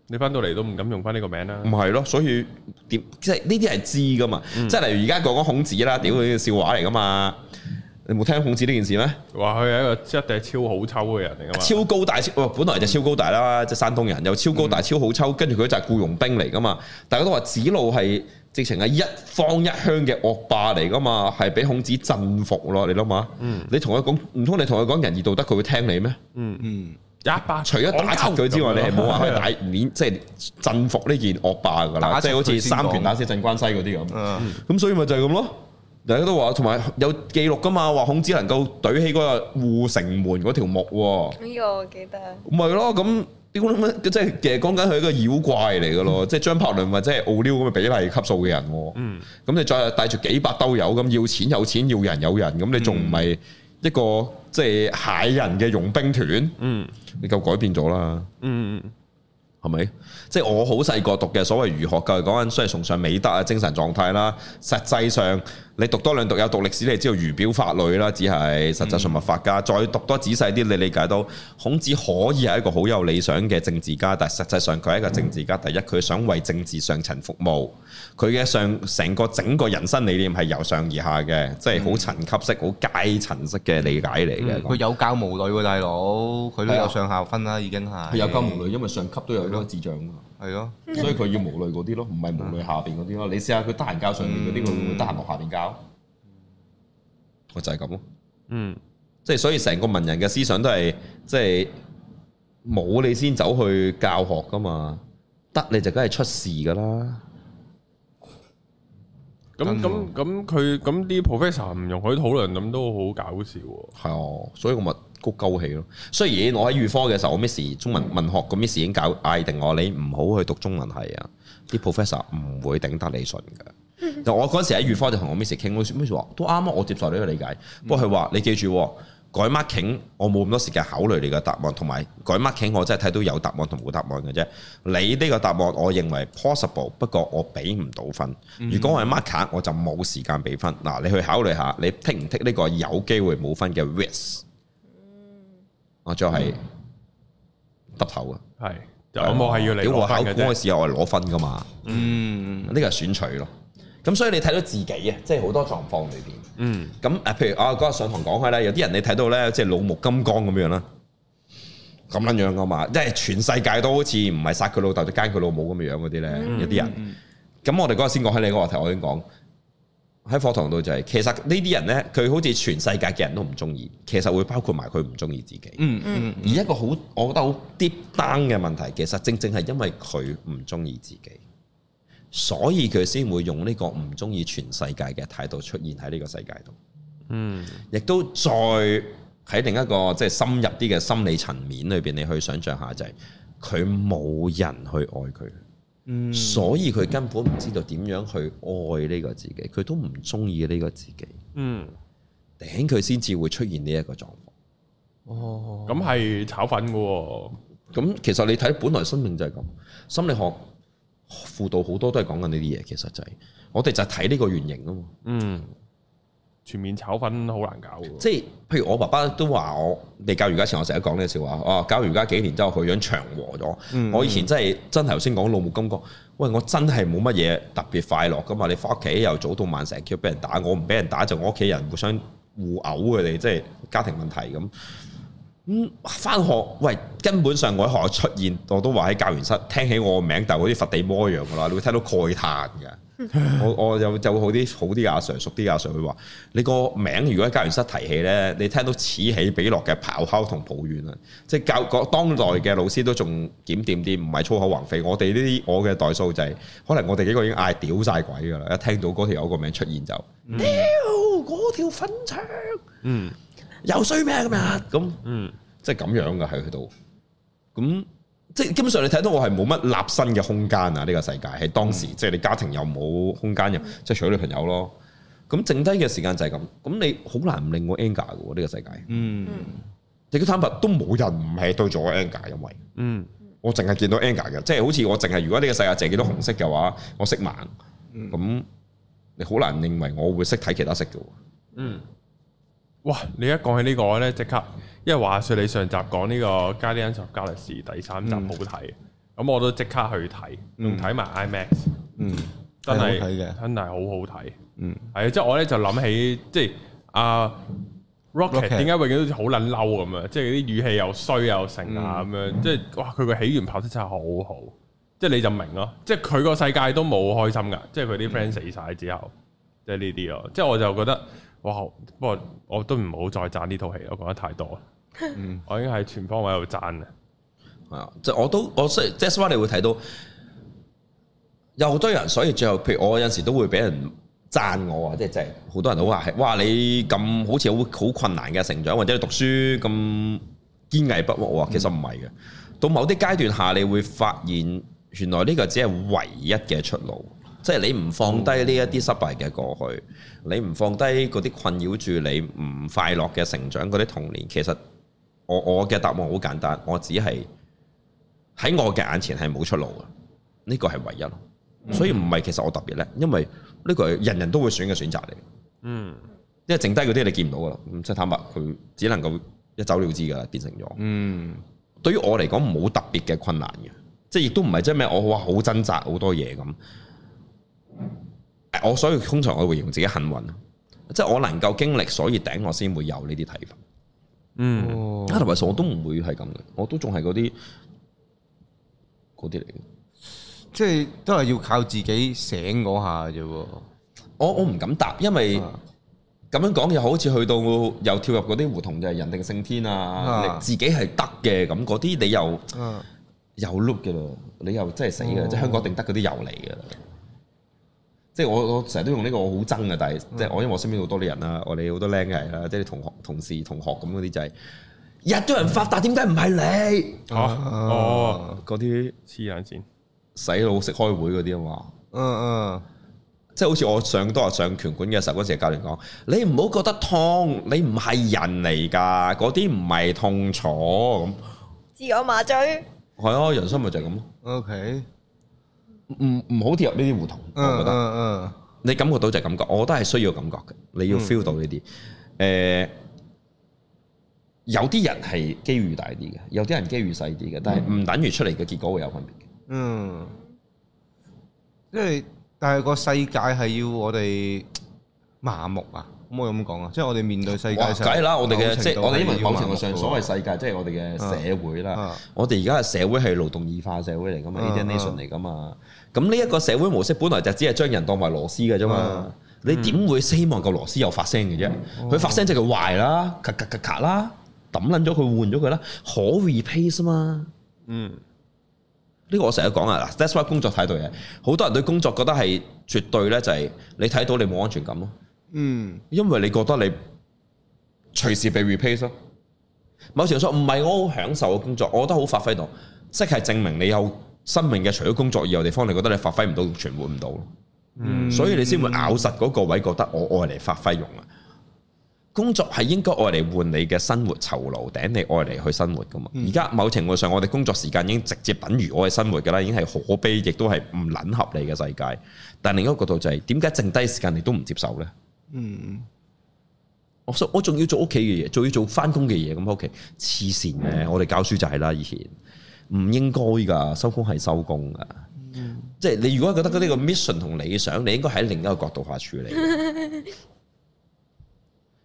你翻到嚟都唔敢用翻呢個名啦。唔係咯，所以點即係呢啲係知噶嘛？嗯，即係例如而家講講孔子啦，屌，嗯，笑話嚟噶嘛。你冇聽孔子呢件事咩？哇！佢係一個一定超好抽嘅人嚟噶，超高大，本來就超高大啦，即係山東人又超高大超好抽，跟住佢就係雇傭兵嚟噶嘛。大家都話子路係直情係一方一鄉嘅惡霸嚟噶嘛，係俾孔子鎮服咯，你諗下。嗯，你同佢講，唔通你同佢講仁義道德，佢會聽你咩？嗯嗯，一百。除咗打殘佢之外，你係冇話去打面，即係鎮服呢件惡霸噶啦，即係好似三拳打死鎮關西嗰啲咁。嗯，咁所以咪就係咁咯。大家都話，同埋有，有記錄噶嘛？話孔子能夠懟起嗰個護城門嗰條木，啊。呢個、哎、我記得。唔係咯，咁啲咁即係其實講緊佢一個妖怪嚟噶咯，即係張柏倫話即係奧利咁嘅比例級數嘅人，啊。嗯。咁你再帶住幾百兜友咁，要錢有錢，要人有人，咁你仲唔係一個、嗯、即係蟹人嘅傭兵團？嗯。你夠改變咗啦。嗯。係咪？即係、就是、我好細個讀嘅所謂儒學，就係講緊即係崇尚美德啊，精神狀態啦，實際上。你讀多兩讀，有讀歷史，你知道儒表法裏啦。只係實際上物法家，嗯、再讀多仔細啲，你理解到孔子可以係一個好有理想嘅政治家，但係實際上佢係一個政治家。嗯、第一，佢想為政治上層服務，佢嘅上成個整個人生理念係由上而下嘅，嗯、即係好層級式、好階層式嘅理解嚟嘅。佢、嗯嗯、有教無類喎，大佬，佢都有上下分啦，的已經係。佢有教無類，因為上級都有啲智障。係咯，所以佢要無類嗰啲咯，唔係無類下邊嗰啲咯。嗯、你試下佢得閒教上邊嗰啲，佢會唔會得閒落下邊教？我就係咁咯。嗯，即係所以成個文人嘅思想都係即係冇你先走去教學噶嘛，得你就梗係出事噶啦。咁咁咁佢咁啲 professor 唔容許討論，咁都好搞笑哦。係啊哦，所以我咪。谷鳩氣咯。雖然我喺預科嘅時候，我 miss 中文文學個 miss 已經搞嗌定我，你唔好去讀中文系啊。啲 professor 唔會頂得你順嘅。但 我嗰陣時喺預科就同我 miss 傾，miss 話都啱啊，我接受呢個理解。不過佢話你記住改 marking，我冇咁多時間考慮你嘅答案，同埋改 marking 我真係睇到有答案同冇答案嘅啫。你呢個答案我認為 possible，不過我俾唔到分。如果我係 marker 我就冇時間俾分。嗱，你去考慮下，你剔唔剔呢個有機會冇分嘅 risk？我就係耷頭啊，係我冇係要你攞分嘅時候，我係攞分噶嘛。嗯，呢個係選取咯。咁所以你睇到自己啊、就是嗯，即係好多狀況裏邊。嗯，咁誒，譬如我嗰日上堂講開咧，有啲人你睇到咧，即係老木金剛咁樣啦，咁樣樣噶嘛，即係全世界都好似唔係殺佢老豆就奸佢老母咁嘅樣嗰啲咧，嗯、有啲人。咁我哋嗰日先講起你個話題，我已經講。喺課堂度就係、是，其實呢啲人呢，佢好似全世界嘅人都唔中意，其實會包括埋佢唔中意自己。嗯嗯。嗯，而一個好，我覺得好 deep down 嘅問題，其實正正係因為佢唔中意自己，所以佢先會用呢個唔中意全世界嘅態度出現喺呢個世界度。嗯。亦都再喺另一個即係深入啲嘅心理層面裏邊，你去想象下就係、是，佢冇人去愛佢。嗯，所以佢根本唔知道點樣去愛呢個自己，佢都唔中意呢個自己，嗯，頂佢先至會出現呢一個狀況。哦，咁係炒粉噶、哦，咁其實你睇本來生命就係咁，心理學輔導好多都係講緊呢啲嘢，其實就係我哋就係睇呢個原型啊嘛，嗯。全面炒粉好難搞即，即係譬如我爸爸都話我你教瑜伽前，我成日講呢個笑話。哦，教瑜伽幾年之後，佢樣長和咗。嗯、我以前真係真頭先講老木公剛。喂，我真係冇乜嘢特別快樂噶嘛？你翻屋企又早到晚成日叫俾人打，我唔俾人打就我屋企人互相互毆佢哋，即係家庭問題咁。咁翻、嗯、學，喂，根本上我喺學校出現，我都話喺教員室聽起我個名，但係好似佛地魔一樣噶啦，你會聽到慨嘆㗎。 我我就就好啲好啲阿 Sir 熟啲阿 Sir 佢話：你個名如果喺教員室提起咧，你聽到此起彼落嘅咆哮同抱怨啊！即係教當代嘅老師都仲檢點啲，唔係粗口橫飛。我哋呢啲我嘅代數就係、是、可能我哋幾個已經嗌屌晒鬼㗎啦！一聽到嗰條友個名出現就屌嗰、嗯、條粉腸、嗯嗯，嗯，又衰咩咁啊？咁，嗯，即係咁樣嘅喺佢度，咁。即係基本上你睇到我係冇乜立身嘅空間啊！呢個世界喺當時，嗯、即係你家庭又冇空間，又、嗯、即係除咗女朋友咯。咁剩低嘅時間就係咁。咁你好難唔令我 anger 嘅呢個世界。嗯，你都坦白都冇人唔係對咗我 anger，因為嗯，我淨係見到 anger 嘅，即係、嗯、好似我淨係如果呢個世界淨係見到紅色嘅話，嗯、我色盲。咁你好難認為我會識睇其他色嘅。嗯。嗯哇！你一講起呢個咧，即刻，因為話說你上集講呢個《Guardians of Galaxy》第三集好睇，咁我都即刻去睇，嗯，睇埋 IMAX，嗯，真係好睇嘅，真係好好睇，嗯，係，即係我咧就諗起，即係阿 Rocket 點解永遠好似好撚嬲咁樣，即係啲語氣又衰又剩啊咁樣，即係哇佢個起源拍得真係好好，即係你就明咯，即係佢個世界都冇開心噶，即係佢啲 friend 死晒之後，即係呢啲咯，即係我就覺得。哇！不過我都唔好再贊呢套戲，我講得太多啦。嗯，我已經係全方位喺度贊啦。係啊，即係我都，我即係，即係你會睇到有好多人，所以最後譬如我有時都會俾人贊我啊，即係真係好多人都話係，哇你咁好似好好困難嘅成長，或者你讀書咁堅毅不屈。哇，其實唔係嘅，嗯、 到某啲階段下，你會發現原來呢個只係唯一嘅出路。即係你唔放低呢一啲失敗嘅過去，你唔放低嗰啲困擾住你唔快樂嘅成長嗰啲童年，其實我我嘅答案好簡單，我只係喺我嘅眼前係冇出路嘅，呢個係唯一，所以唔係其實我特別叻，因為呢個係人人都會選嘅選擇嚟。嗯，因為剩低嗰啲你見唔到噶啦，即係坦白佢只能夠一走了之噶啦，變成咗。嗯對於，對於我嚟講冇特別嘅困難嘅，即係亦都唔係即係咩我哇好掙扎好多嘢咁。我所以通常我會形容自己幸運，即、就、係、是、我能夠經歷，所以頂我先會有呢啲睇法。嗯，同埋、哦、我都唔會係咁嘅，我都仲係嗰啲嗰啲嚟嘅，即係都係要靠自己醒嗰下啫。我我唔敢答，因為咁、啊、樣講又好似去到又跳入嗰啲胡同就係、是、人定勝天啊，啊自己係得嘅咁嗰啲你又、啊、又碌嘅啦，你又真係死嘅，啊、即係香港定得嗰啲又嚟嘅啦。即係我我成日都用呢、這個，我好憎噶，但係即係我因為我身邊好多啲人啦，嗯、我哋好多僆仔啦，即、就、係、是、同學、同事、同學咁嗰啲就係、是，日咗人發達，點解唔係你？哦、啊，嗰啲黐眼線，洗腦識開會嗰啲啊嘛，嗯、啊、嗯，即係好似我上多日上拳館嘅時候嗰陣時教練講，你唔好覺得痛，你唔係人嚟噶，嗰啲唔係痛楚咁，自我麻醉，係啊，人生咪就係咁咯。OK。唔唔好貼入呢啲胡同，uh, uh, uh, 我覺得。嗯嗯你感覺到就感覺，我都係需要感覺嘅。你要 feel 到呢啲。誒、嗯呃，有啲人係機遇大啲嘅，有啲人機遇細啲嘅，但係唔等於出嚟嘅結果會有分別嘅。嗯。即係，但係個世界係要我哋麻木啊！可唔可以咁講啊！即係我哋面對世界上，梗係啦！我哋嘅即係我哋，因為某程度上所謂世界，啊、即係我哋嘅社會啦。啊、我哋而家嘅社會係勞動異化社會嚟噶嘛？alienation 嚟噶嘛？咁呢一個社會模式，本來就只係將人當為螺絲嘅啫嘛。啊嗯、你點會希望個螺絲又發聲嘅啫？佢、嗯哦、發聲即係佢壞啦，咔咔咔咔啦，抌撚咗佢換咗佢啦，可 replace 嘛？嗯，呢、嗯、個我成日講啊。That's why 工作態度嘅好多人對工作覺得係絕對咧，就係你睇到你冇安全感咯。嗯，因為你覺得你隨時被 replace 咯。某程度上唔係我好享受嘅工作，我覺得好發揮到。即係證明你有生命嘅除咗工作以外地方，你覺得你發揮唔到，存活唔到。嗯，所以你先會咬實嗰個位，覺得我愛嚟發揮用啊。嗯、工作係應該愛嚟換你嘅生活酬勞，頂你愛嚟去生活噶嘛。而家、嗯、某程度上，我哋工作時間已經直接等如我嘅生活噶啦，已經係可悲，亦都係唔捻合你嘅世界。但另一個角度就係、是，點解剩低時間你都唔接受呢？嗯，我收我仲要做屋企嘅嘢，仲要做翻工嘅嘢。咁屋企黐線嘅，啊嗯、我哋教書就係啦，以前唔應該噶，收工係收工噶。嗯、即係你如果覺得呢個 mission 同、嗯、理想，你應該喺另一個角度下處理。嗯、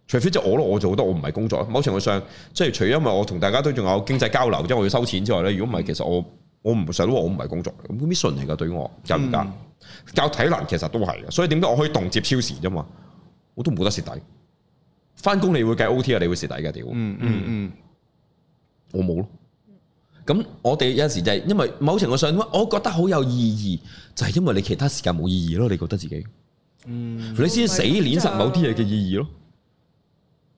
除非即係我咯，我就覺得我唔係工作。某程度上，即係除咗因為我同大家都仲有經濟交流，即係我要收錢之外咧，如果唔係，其實我我唔想話我唔係工作。咁 mission 嚟噶，對於我教唔、嗯、教體能，其實都係嘅。所以點解我可以動接超時啫嘛？我都冇得蝕底，返工你會計 OT 啊，你會蝕底噶，屌、嗯！嗯嗯嗯，我冇咯。咁我哋有陣時就係因為某程度上，我我覺得好有意義，就係、是、因為你其他時間冇意義咯，你覺得自己，嗯，你先死捻實某啲嘢嘅意義咯。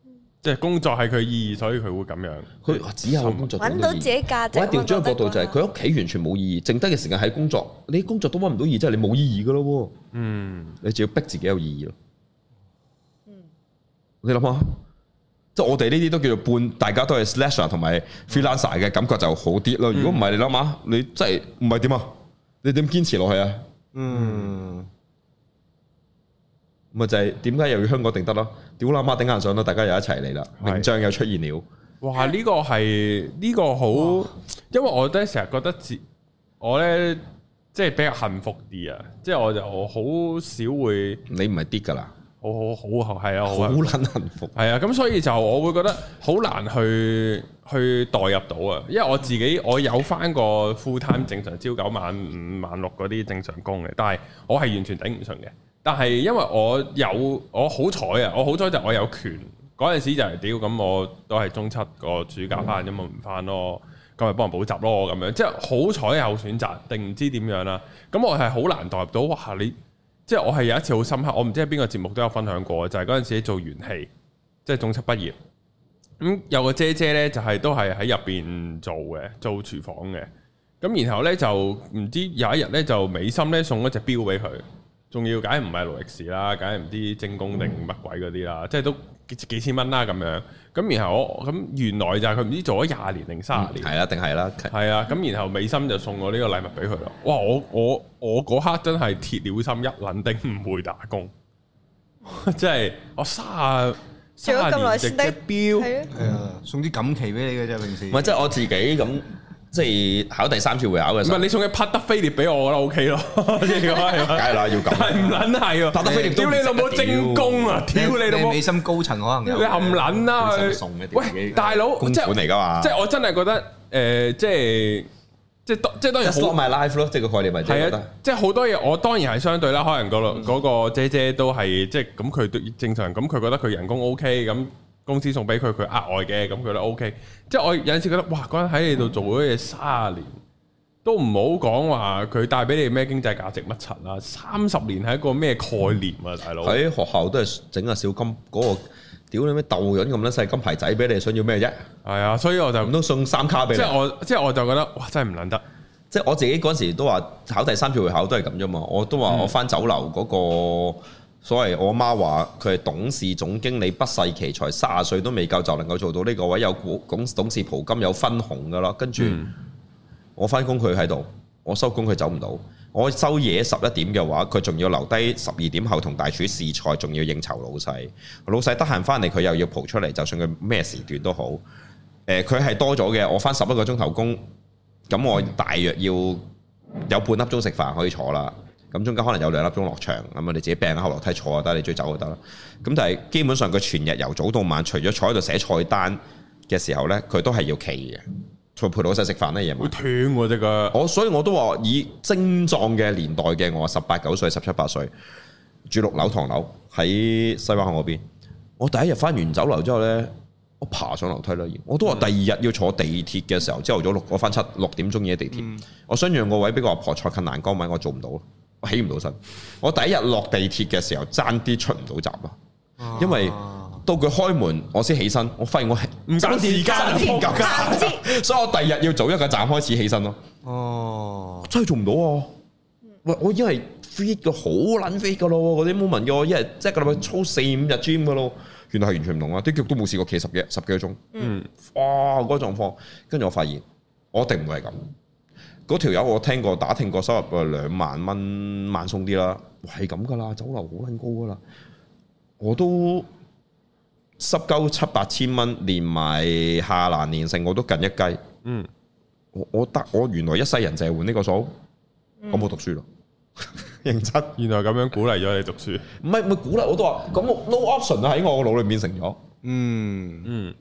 嗯嗯、即係工作係佢意義，所以佢會咁樣。佢只有工作搵到自己價值。我調轉個角度就係佢屋企完全冇意義，剩低嘅時間喺工作，你工作都搵唔到意義，即、就、係、是、你冇意義噶咯。嗯，你就要逼自己有意義咯。你諗下，即係我哋呢啲都叫做半，大家都係 slasher 同埋 freelancer 嘅感覺就好啲咯。嗯、如果唔係，你諗下，你真係唔係點啊？你點堅持落去啊？嗯，咪、嗯、就係點解又要香港定得咯？屌、嗯，你諗下，頂硬上咯，大家又一齊嚟啦，名將又出現了。哇！呢、這個係呢、這個好，哇因為我都成日覺得自我咧，即、就、係、是、比較幸福啲啊。即、就、係、是、我就好少會，你唔係啲噶啦。好，好好係啊，好難幸福係啊，咁所以就我會覺得好難去去代入到啊，因為我自己我有翻個 full time 正常朝九晚五晚六嗰啲正常工嘅，但係我係完全頂唔順嘅。但係因為我有我好彩啊，我好彩就我有權嗰陣時就係屌咁，我都係中七個暑假翻，咁咪唔翻咯，咁咪幫人補習咯咁樣，即係好彩有選擇，定唔知點樣啦。咁我係好難代入到哇你。即係我係有一次好深刻，我唔知係邊個節目都有分享過，就係嗰陣時做元氣，即係中七畢業，咁有個姐姐呢，就係、是、都係喺入邊做嘅，做廚房嘅，咁然後呢，就唔知有一日呢，就美心呢，送咗隻錶俾佢，仲要梗係唔係勞力士啦，梗係唔知精工定乜鬼嗰啲啦，即係都。幾千蚊啦咁樣，咁然後我咁原來就係佢唔知做咗廿年定卅年，係啦、嗯、定係啦，係啊的，咁的然後美心就送我呢個禮物俾佢咯。哇！我我我嗰刻真係鐵了心一撚定唔會打工，即 係我卅卅 年隻錶，係啊，嗯、送啲錦旗俾你嘅啫，平時。唔係即係我自己咁。嗯 即係考第三次會考嘅唔係你送佢拍得飛碟俾我，我覺得 OK 咯，梗係啦，要咁，但唔撚係喎，拍得飛碟，屌你老母精工啊，屌你老母，美心高層可能你冚撚啦，喂大佬，公款嚟噶嘛，即係我真係覺得，誒，即係即係，當即係當然 s 埋 life 咯，即係個概念係點？係啊，即係好多嘢，我當然係相對啦，可能嗰個姐姐都係即係咁，佢正常咁，佢覺得佢人工 OK 咁。公司送俾佢，佢額外嘅咁佢都 OK。即係我有陣時覺得，哇！嗰陣喺你度做咗嘢三十年，都唔好講話佢帶俾你咩經濟價值乜柒啊？三十年係一個咩概念啊，大佬？喺學校都係整下小金嗰個，屌你咩豆潤咁撚細金牌仔俾你，想要咩啫？係啊，所以我就唔通送三卡俾你。即係我，即係我就覺得，哇！真係唔難得。即係我自己嗰陣時都話，考第三次會考都係咁啫嘛。我都話我翻酒樓嗰個。嗯。所以我媽話佢係董事總經理不世奇才，三十歲都未夠就能夠做到呢個位，有股董事袍金，有分紅㗎喇。跟住我翻工佢喺度，我收工佢走唔到。我收夜十一點嘅話，佢仲要留低十二點後同大廚試菜，仲要應酬老細。老細得閒翻嚟佢又要蒲出嚟，就算佢咩時段都好。呃，佢係多咗嘅。我翻十一個鐘頭工，咁我大約要有半粒鐘食飯可以坐啦。咁中間可能有兩粒鐘落場，咁你自己病喺後樓梯坐，但係你追走就得啦。咁但係基本上佢全日由早到晚，除咗坐喺度寫菜單嘅時候咧，佢都係要企嘅。同陪老細食飯咧，夜晚。會斷喎、啊，真噶！我所以我都話以精壯嘅年代嘅我，十八九歲、十七八歲住六樓唐樓喺西灣河嗰邊。我第一日返完酒樓之後咧，我爬上樓梯啦。我都話第二日要坐地鐵嘅時候，朝頭早六我翻七六點鐘嘅地鐵，嗯、我想讓個位俾個阿婆坐近欄杆位，我做唔到。我起唔到身，我第一日落地鐵嘅時候，爭啲出唔到站咯。因為到佢開門，我先起身，我發現我係唔夠時間，所以我第二日要早一個站開始起身咯。哦、啊，真係做唔到啊！喂，我依家係 fit 嘅好撚 fit 噶咯，嗰啲 moment 嘅我一日，即係個禮拜操四五日 gym 噶咯，原來係完全唔同啊！啲腳都冇試過企十幾十幾個鐘，嗯，嗯，哇，嗰、那個狀況，跟住我發現，我一定唔會係咁。嗰條友，我聽過打聽過收入兩萬蚊，萬鬆啲啦，係咁噶啦，酒樓好撚高噶啦，我都濕鳩七八千蚊，連埋下欄連成我都近一雞，嗯，我我得我原來一世人淨係換呢個數，嗯、我冇讀書咯，認真，原來咁樣鼓勵咗你讀書，唔係唔係鼓勵我都話，咁 no option 喺我個腦裏面成咗，嗯嗯，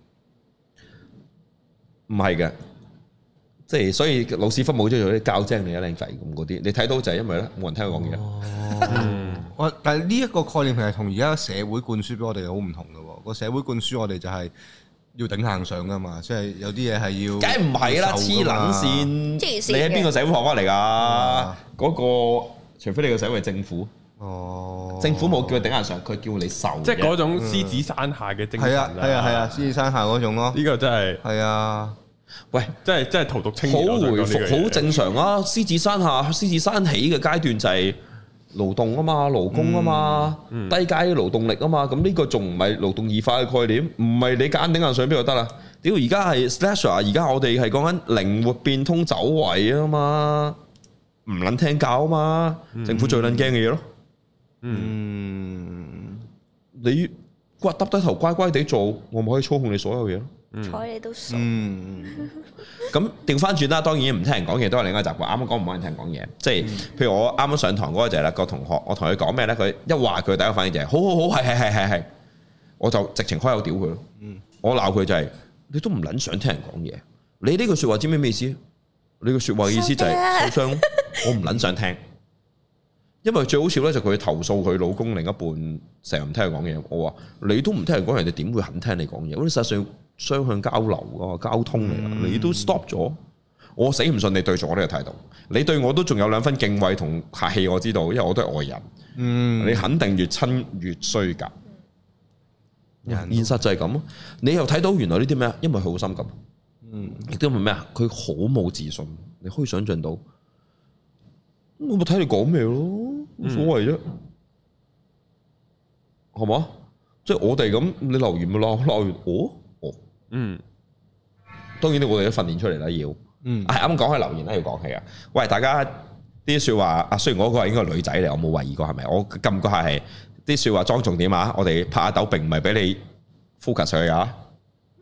唔係嘅。即係所以老師訓冇咗，有啲教精你啊靚仔咁嗰啲，你睇到就係因為咧冇人聽佢講嘢。但係呢一個概念係同而家社會灌輸俾我哋好唔同嘅喎。個社會灌輸我哋就係要頂硬上嘅嘛，即係有啲嘢係要。梗唔係啦，黐撚線。你喺邊個社會學翻嚟㗎？嗰個除非你個社會政府。哦。政府冇叫佢頂硬上，佢叫你受。即係嗰種獅子山下嘅精神。係啊係啊係啊，獅子山下嗰種咯。呢個真係。係啊。喂，即係即係淘毒清，好回復好正常啊！獅子山下，獅子山起嘅階段就係勞動啊嘛，勞工啊嘛，嗯嗯、低階勞動力啊嘛，咁呢個仲唔係勞動異化嘅概念？唔係你揀頂硬頂上邊就得啦，啊！屌而家係，而家我哋係講緊靈活變通走位啊嘛，唔撚聽教啊嘛，政府最捻驚嘅嘢咯嗯。嗯，你骨耷低頭乖乖地做，我唔可以操控你所有嘢睬你都傻，咁調翻轉啦。當然唔聽人講嘢都係另一個習慣。啱啱講唔好聽人講嘢，即係、嗯、譬如我啱啱上堂嗰個就係啦，個同學我同佢講咩咧？佢一話佢第一個反應就係好好好，係係係係係，我就直情開口屌佢咯。嗯、我鬧佢就係、是、你都唔捻想聽人講嘢。你呢個說話知唔知咩意思？你個說話意思就係受傷，聽 我唔捻想聽。因為最好笑咧就佢投訴佢老公另一半成日唔聽佢講嘢。我話你都唔聽人講嘢，你點會肯聽你講嘢？我哋實際上。雙向交流個、啊、交通嚟、啊，嗯、你都 stop 咗，我死唔信你對住我呢個態度，你對我都仲有兩分敬畏同客氣，我知道，因為我都係外人，嗯，你肯定越親越衰噶，嗯、現實就係咁，你又睇到原來呢啲咩？因為佢好心急，嗯，亦都係咩啊？佢好冇自信，你可以想象到，我冇睇你講咩咯，冇所謂啫，好冇？即係我哋咁，你留言咪留，留言嗯，當然都我哋都訓練出嚟啦，要，係啱講起留言咧，要講起啊。喂，大家啲說話，啊，雖然我嗰個係應該女仔嚟，我冇懷疑過係咪，我禁下係啲說話莊重點啊。我哋拍下豆，並唔係俾你呼吸上去噶。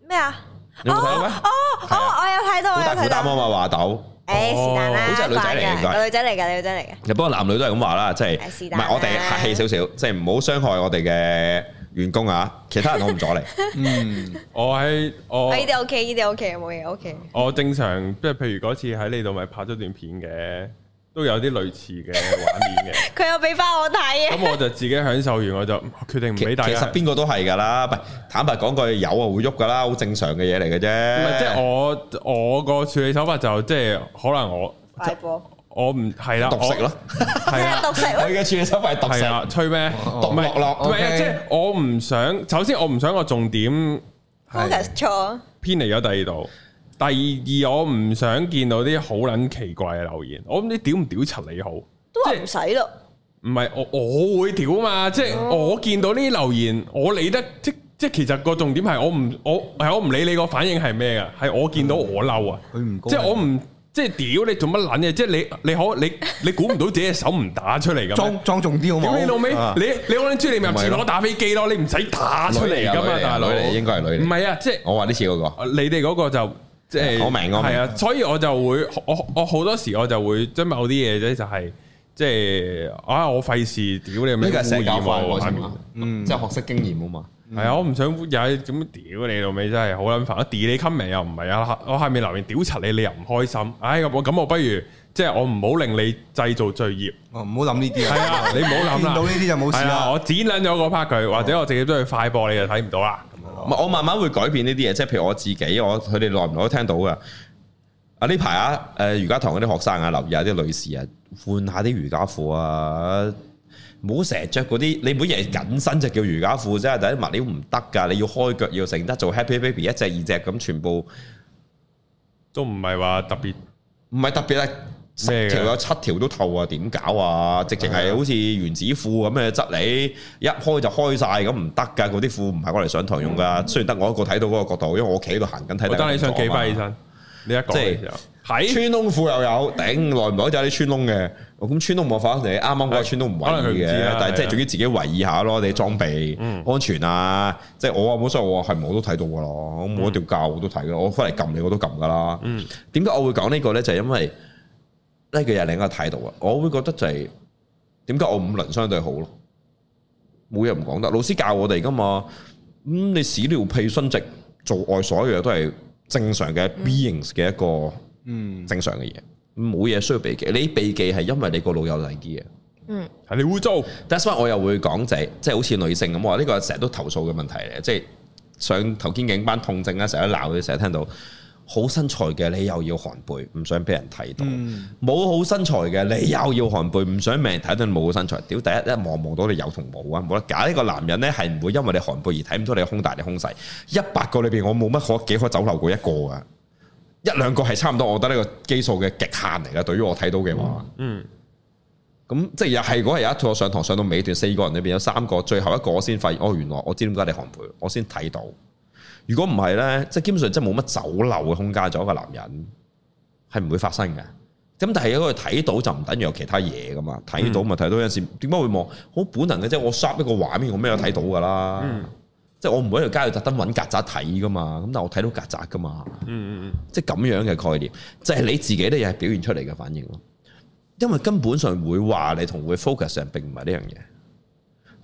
咩啊？你冇睇到咩？哦哦，我有睇到，好大膽啊嘛，話豆。誒，是但啦，好似係女仔嚟，女仔嚟噶，女仔嚟噶。一般男女都係咁話啦，即係唔係我哋客氣少少，即係唔好傷害我哋嘅。員工啊，其他人我唔阻你。 嗯，我喺我。喺呢度 OK，呢度 OK，冇嘢 OK。我正常即係，譬如嗰次喺呢度咪拍咗段片嘅，都有啲類似嘅畫面嘅。佢 有俾翻我睇。咁、嗯、我就自己享受完，我就決定唔俾大家。其實邊個都係㗎啦，唔坦白講句，有啊會喐㗎啦，好正常嘅嘢嚟嘅啫。唔係即係我我個處理手法就是、即係可能我快播。託我唔係啦，獨食咯，係啊，獨食。我而家處理手法，獨食啊，吹咩？獨木落，唔係，即係我唔想。首先，我唔想個重點 focus 錯，偏離咗第二度。第二，我唔想見到啲好撚奇怪嘅留言。我唔知屌唔屌柒你好，都話唔使咯。唔係我我會屌嘛？即係我見到呢啲留言，我理得即即係其實個重點係我唔我係我唔理你個反應係咩噶？係我見到我嬲啊！佢唔即係我唔。即係屌你做乜撚嘢？即係你，你可你你估唔到自己嘅手唔打出嚟咁。莊莊重啲好你老味？你你可能知你咪入前攞打飛機咯，你唔使打出嚟噶嘛？但係女應該係女。唔係啊，即係我話啲似嗰個。你哋嗰個就即係我明我明。係啊，所以我就會我我好多時我就會即係某啲嘢咧就係即係啊我費事屌你咪成教化我先啊！即係學識經驗啊嘛。係啊、嗯，我唔想我又喺咁屌你老味，真係好撚煩啊！屌你坑味又唔係啊，我下面留言屌柒你，你又唔開心。唉，我咁我不如即係、就是、我唔好令你製造罪業，唔好諗呢啲。係啊，的 你唔好諗到呢啲就冇事啦。我剪捻咗嗰 part 佢，或者我直接都去快播，你就睇唔到啦。哦嗯、我慢慢會改變呢啲嘢，即係譬如我自己，我佢哋耐唔耐都聽到噶。啊呢排啊，誒瑜伽堂嗰啲學生啊，留意下、啊、啲女士啊，換下啲瑜伽褲啊。唔好成日着嗰啲，你每日緊身就叫瑜伽褲啫。第一物料唔得噶，你要開腳要成得做 Happy Baby 一隻二隻咁，全部都唔係話特別，唔係特別啊！條有七條都透啊，點搞啊？直情係好似原子褲咁嘅質理，一開就開晒咁，唔得噶。嗰啲褲唔係我嚟上台用噶，雖然得我一個睇到嗰個角度，因為我企喺度行緊睇得到。我得你想幾翻起身？係咪你一講係穿窿褲又有，有頂來來，耐唔耐就係啲穿窿嘅。咁穿窿冇法。你啱啱嗰個穿窿唔為意嘅，啊、但係即係仲要自己為意下咯。的你裝備、嗯、安全啊，即、就、係、是、我冇所謂，我係冇都睇到噶咯。我冇得調教，我都睇嘅。我翻嚟撳你，我都撳噶啦。點解、嗯、我會講呢個咧？就係、是、因為呢幾、這個、日另一個態度啊。我會覺得就係點解我五輪相對好咯。冇嘢唔講得，老師教我哋噶嘛。咁、嗯、你屎尿屁生殖做愛所有嘢都係正常嘅 beings 嘅一個。嗯嗯，正常嘅嘢，冇嘢需要避忌。你避忌係因為你個腦有啲嘢，嗯，係你會做。That's why 我又會講仔，即係好似女性咁話，呢、這個成日都投訴嘅問題嚟，即係上頭肩頸班痛症啊，成日鬧，成日聽到好身材嘅你又要寒背，唔想俾人睇到；冇好、嗯、身材嘅你又要寒背，唔想俾人睇到冇好身材。你屌，第一一望望到你有同冇啊，冇得假。呢個男人咧係唔會因為你寒背而睇唔到你胸大你胸細。一百個裏邊我冇乜可幾可走漏過一個啊。一兩個係差唔多，我覺得呢個基數嘅極限嚟啦。對於我睇到嘅話，嗯，咁即係又係，如果係有一次我上堂上到尾段，四個人裏邊有三個，最後一個我先發現，哦，原來我知點解你含糊，我先睇到。如果唔係咧，即係基本上即係冇乜走漏嘅空間，就一個男人係唔會發生嘅。咁但係如果佢睇到就唔等於有其他嘢噶嘛？睇到咪睇到，嗯、有陣時點解會望？好本能嘅啫，我刷一個畫面，我咩都睇到噶啦。嗯嗯即係我唔會喺條街度特登揾曱甴睇噶嘛，咁但我睇到曱甴噶嘛，嗯、即係咁樣嘅概念，就係、是、你自己都亦係表現出嚟嘅反應咯。因為根本上會話你同會 focus 嘅人，並唔係呢樣嘢。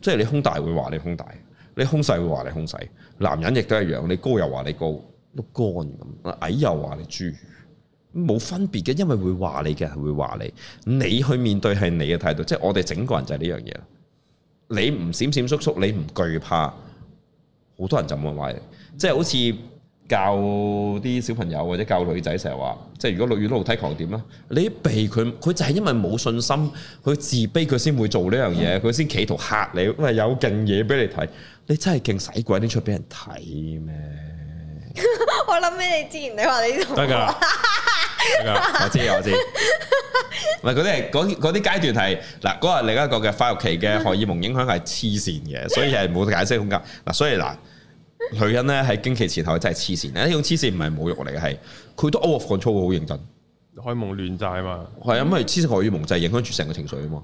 即係你胸大會話你胸大，你胸細會話你胸細。男人亦都一樣，你高又話你高，碌干咁矮又話你豬，冇分別嘅。因為會話你嘅人會話你，你去面對係你嘅態度。即係我哋整個人就係呢樣嘢。你唔閃閃縮縮，你唔懼怕。好多人就問話，即係好似教啲小朋友或者教女仔成日話，即係如果女遇到露體狂點啦，你一避佢，佢就係因為冇信心，佢自卑，佢先會做呢樣嘢，佢先、嗯、企圖嚇你，因為有勁嘢俾你睇。你真係勁使鬼拎出俾人睇咩？我諗起你之前你話你得㗎得㗎，我知我知。唔係嗰啲係嗰啲階段係嗱嗰個另一個嘅發育期嘅荷爾蒙影響係黐線嘅，所以係冇解釋空間嗱。所以嗱。女人咧，喺經期前後真係黐線，但係呢種黐線唔係侮辱嚟嘅，係佢都 out of control，好認真。荷爾蒙亂債啊嘛，係啊，因為黐線荷爾蒙、就係、影響住成個情緒啊嘛，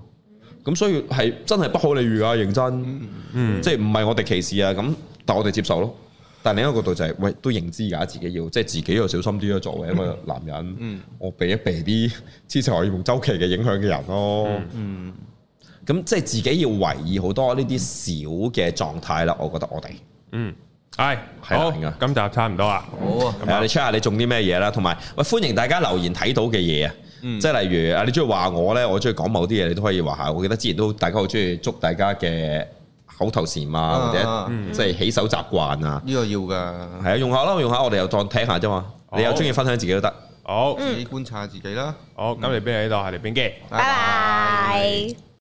咁所以係真係不可理喻噶，認真，嗯、即係唔係我哋歧視啊，咁但我哋接受咯。但係另一個角度就係、係、喂，都認知而家自己要，即係自己要小心啲咯，作為一個男人，嗯、我避一避啲黐線荷爾蒙周期嘅影響嘅人咯。咁、嗯嗯、即係自己要留意好多呢啲小嘅狀態啦。我覺得我哋，嗯。係，好，咁就差唔多啊。好啊，你 check 下你中啲咩嘢啦，同埋喂，歡迎大家留言睇到嘅嘢啊。即係例如啊，你中意話我咧，我中意講某啲嘢，你都可以話下。我記得之前都大家好中意祝大家嘅口頭禪啊，或者即係起手習慣啊。呢個要噶。係啊，用下咯，用下，我哋又當聽下啫嘛。你又中意分享自己都得。好，自己觀察下自己啦。好，今日邊喺度係黎冰機。拜拜。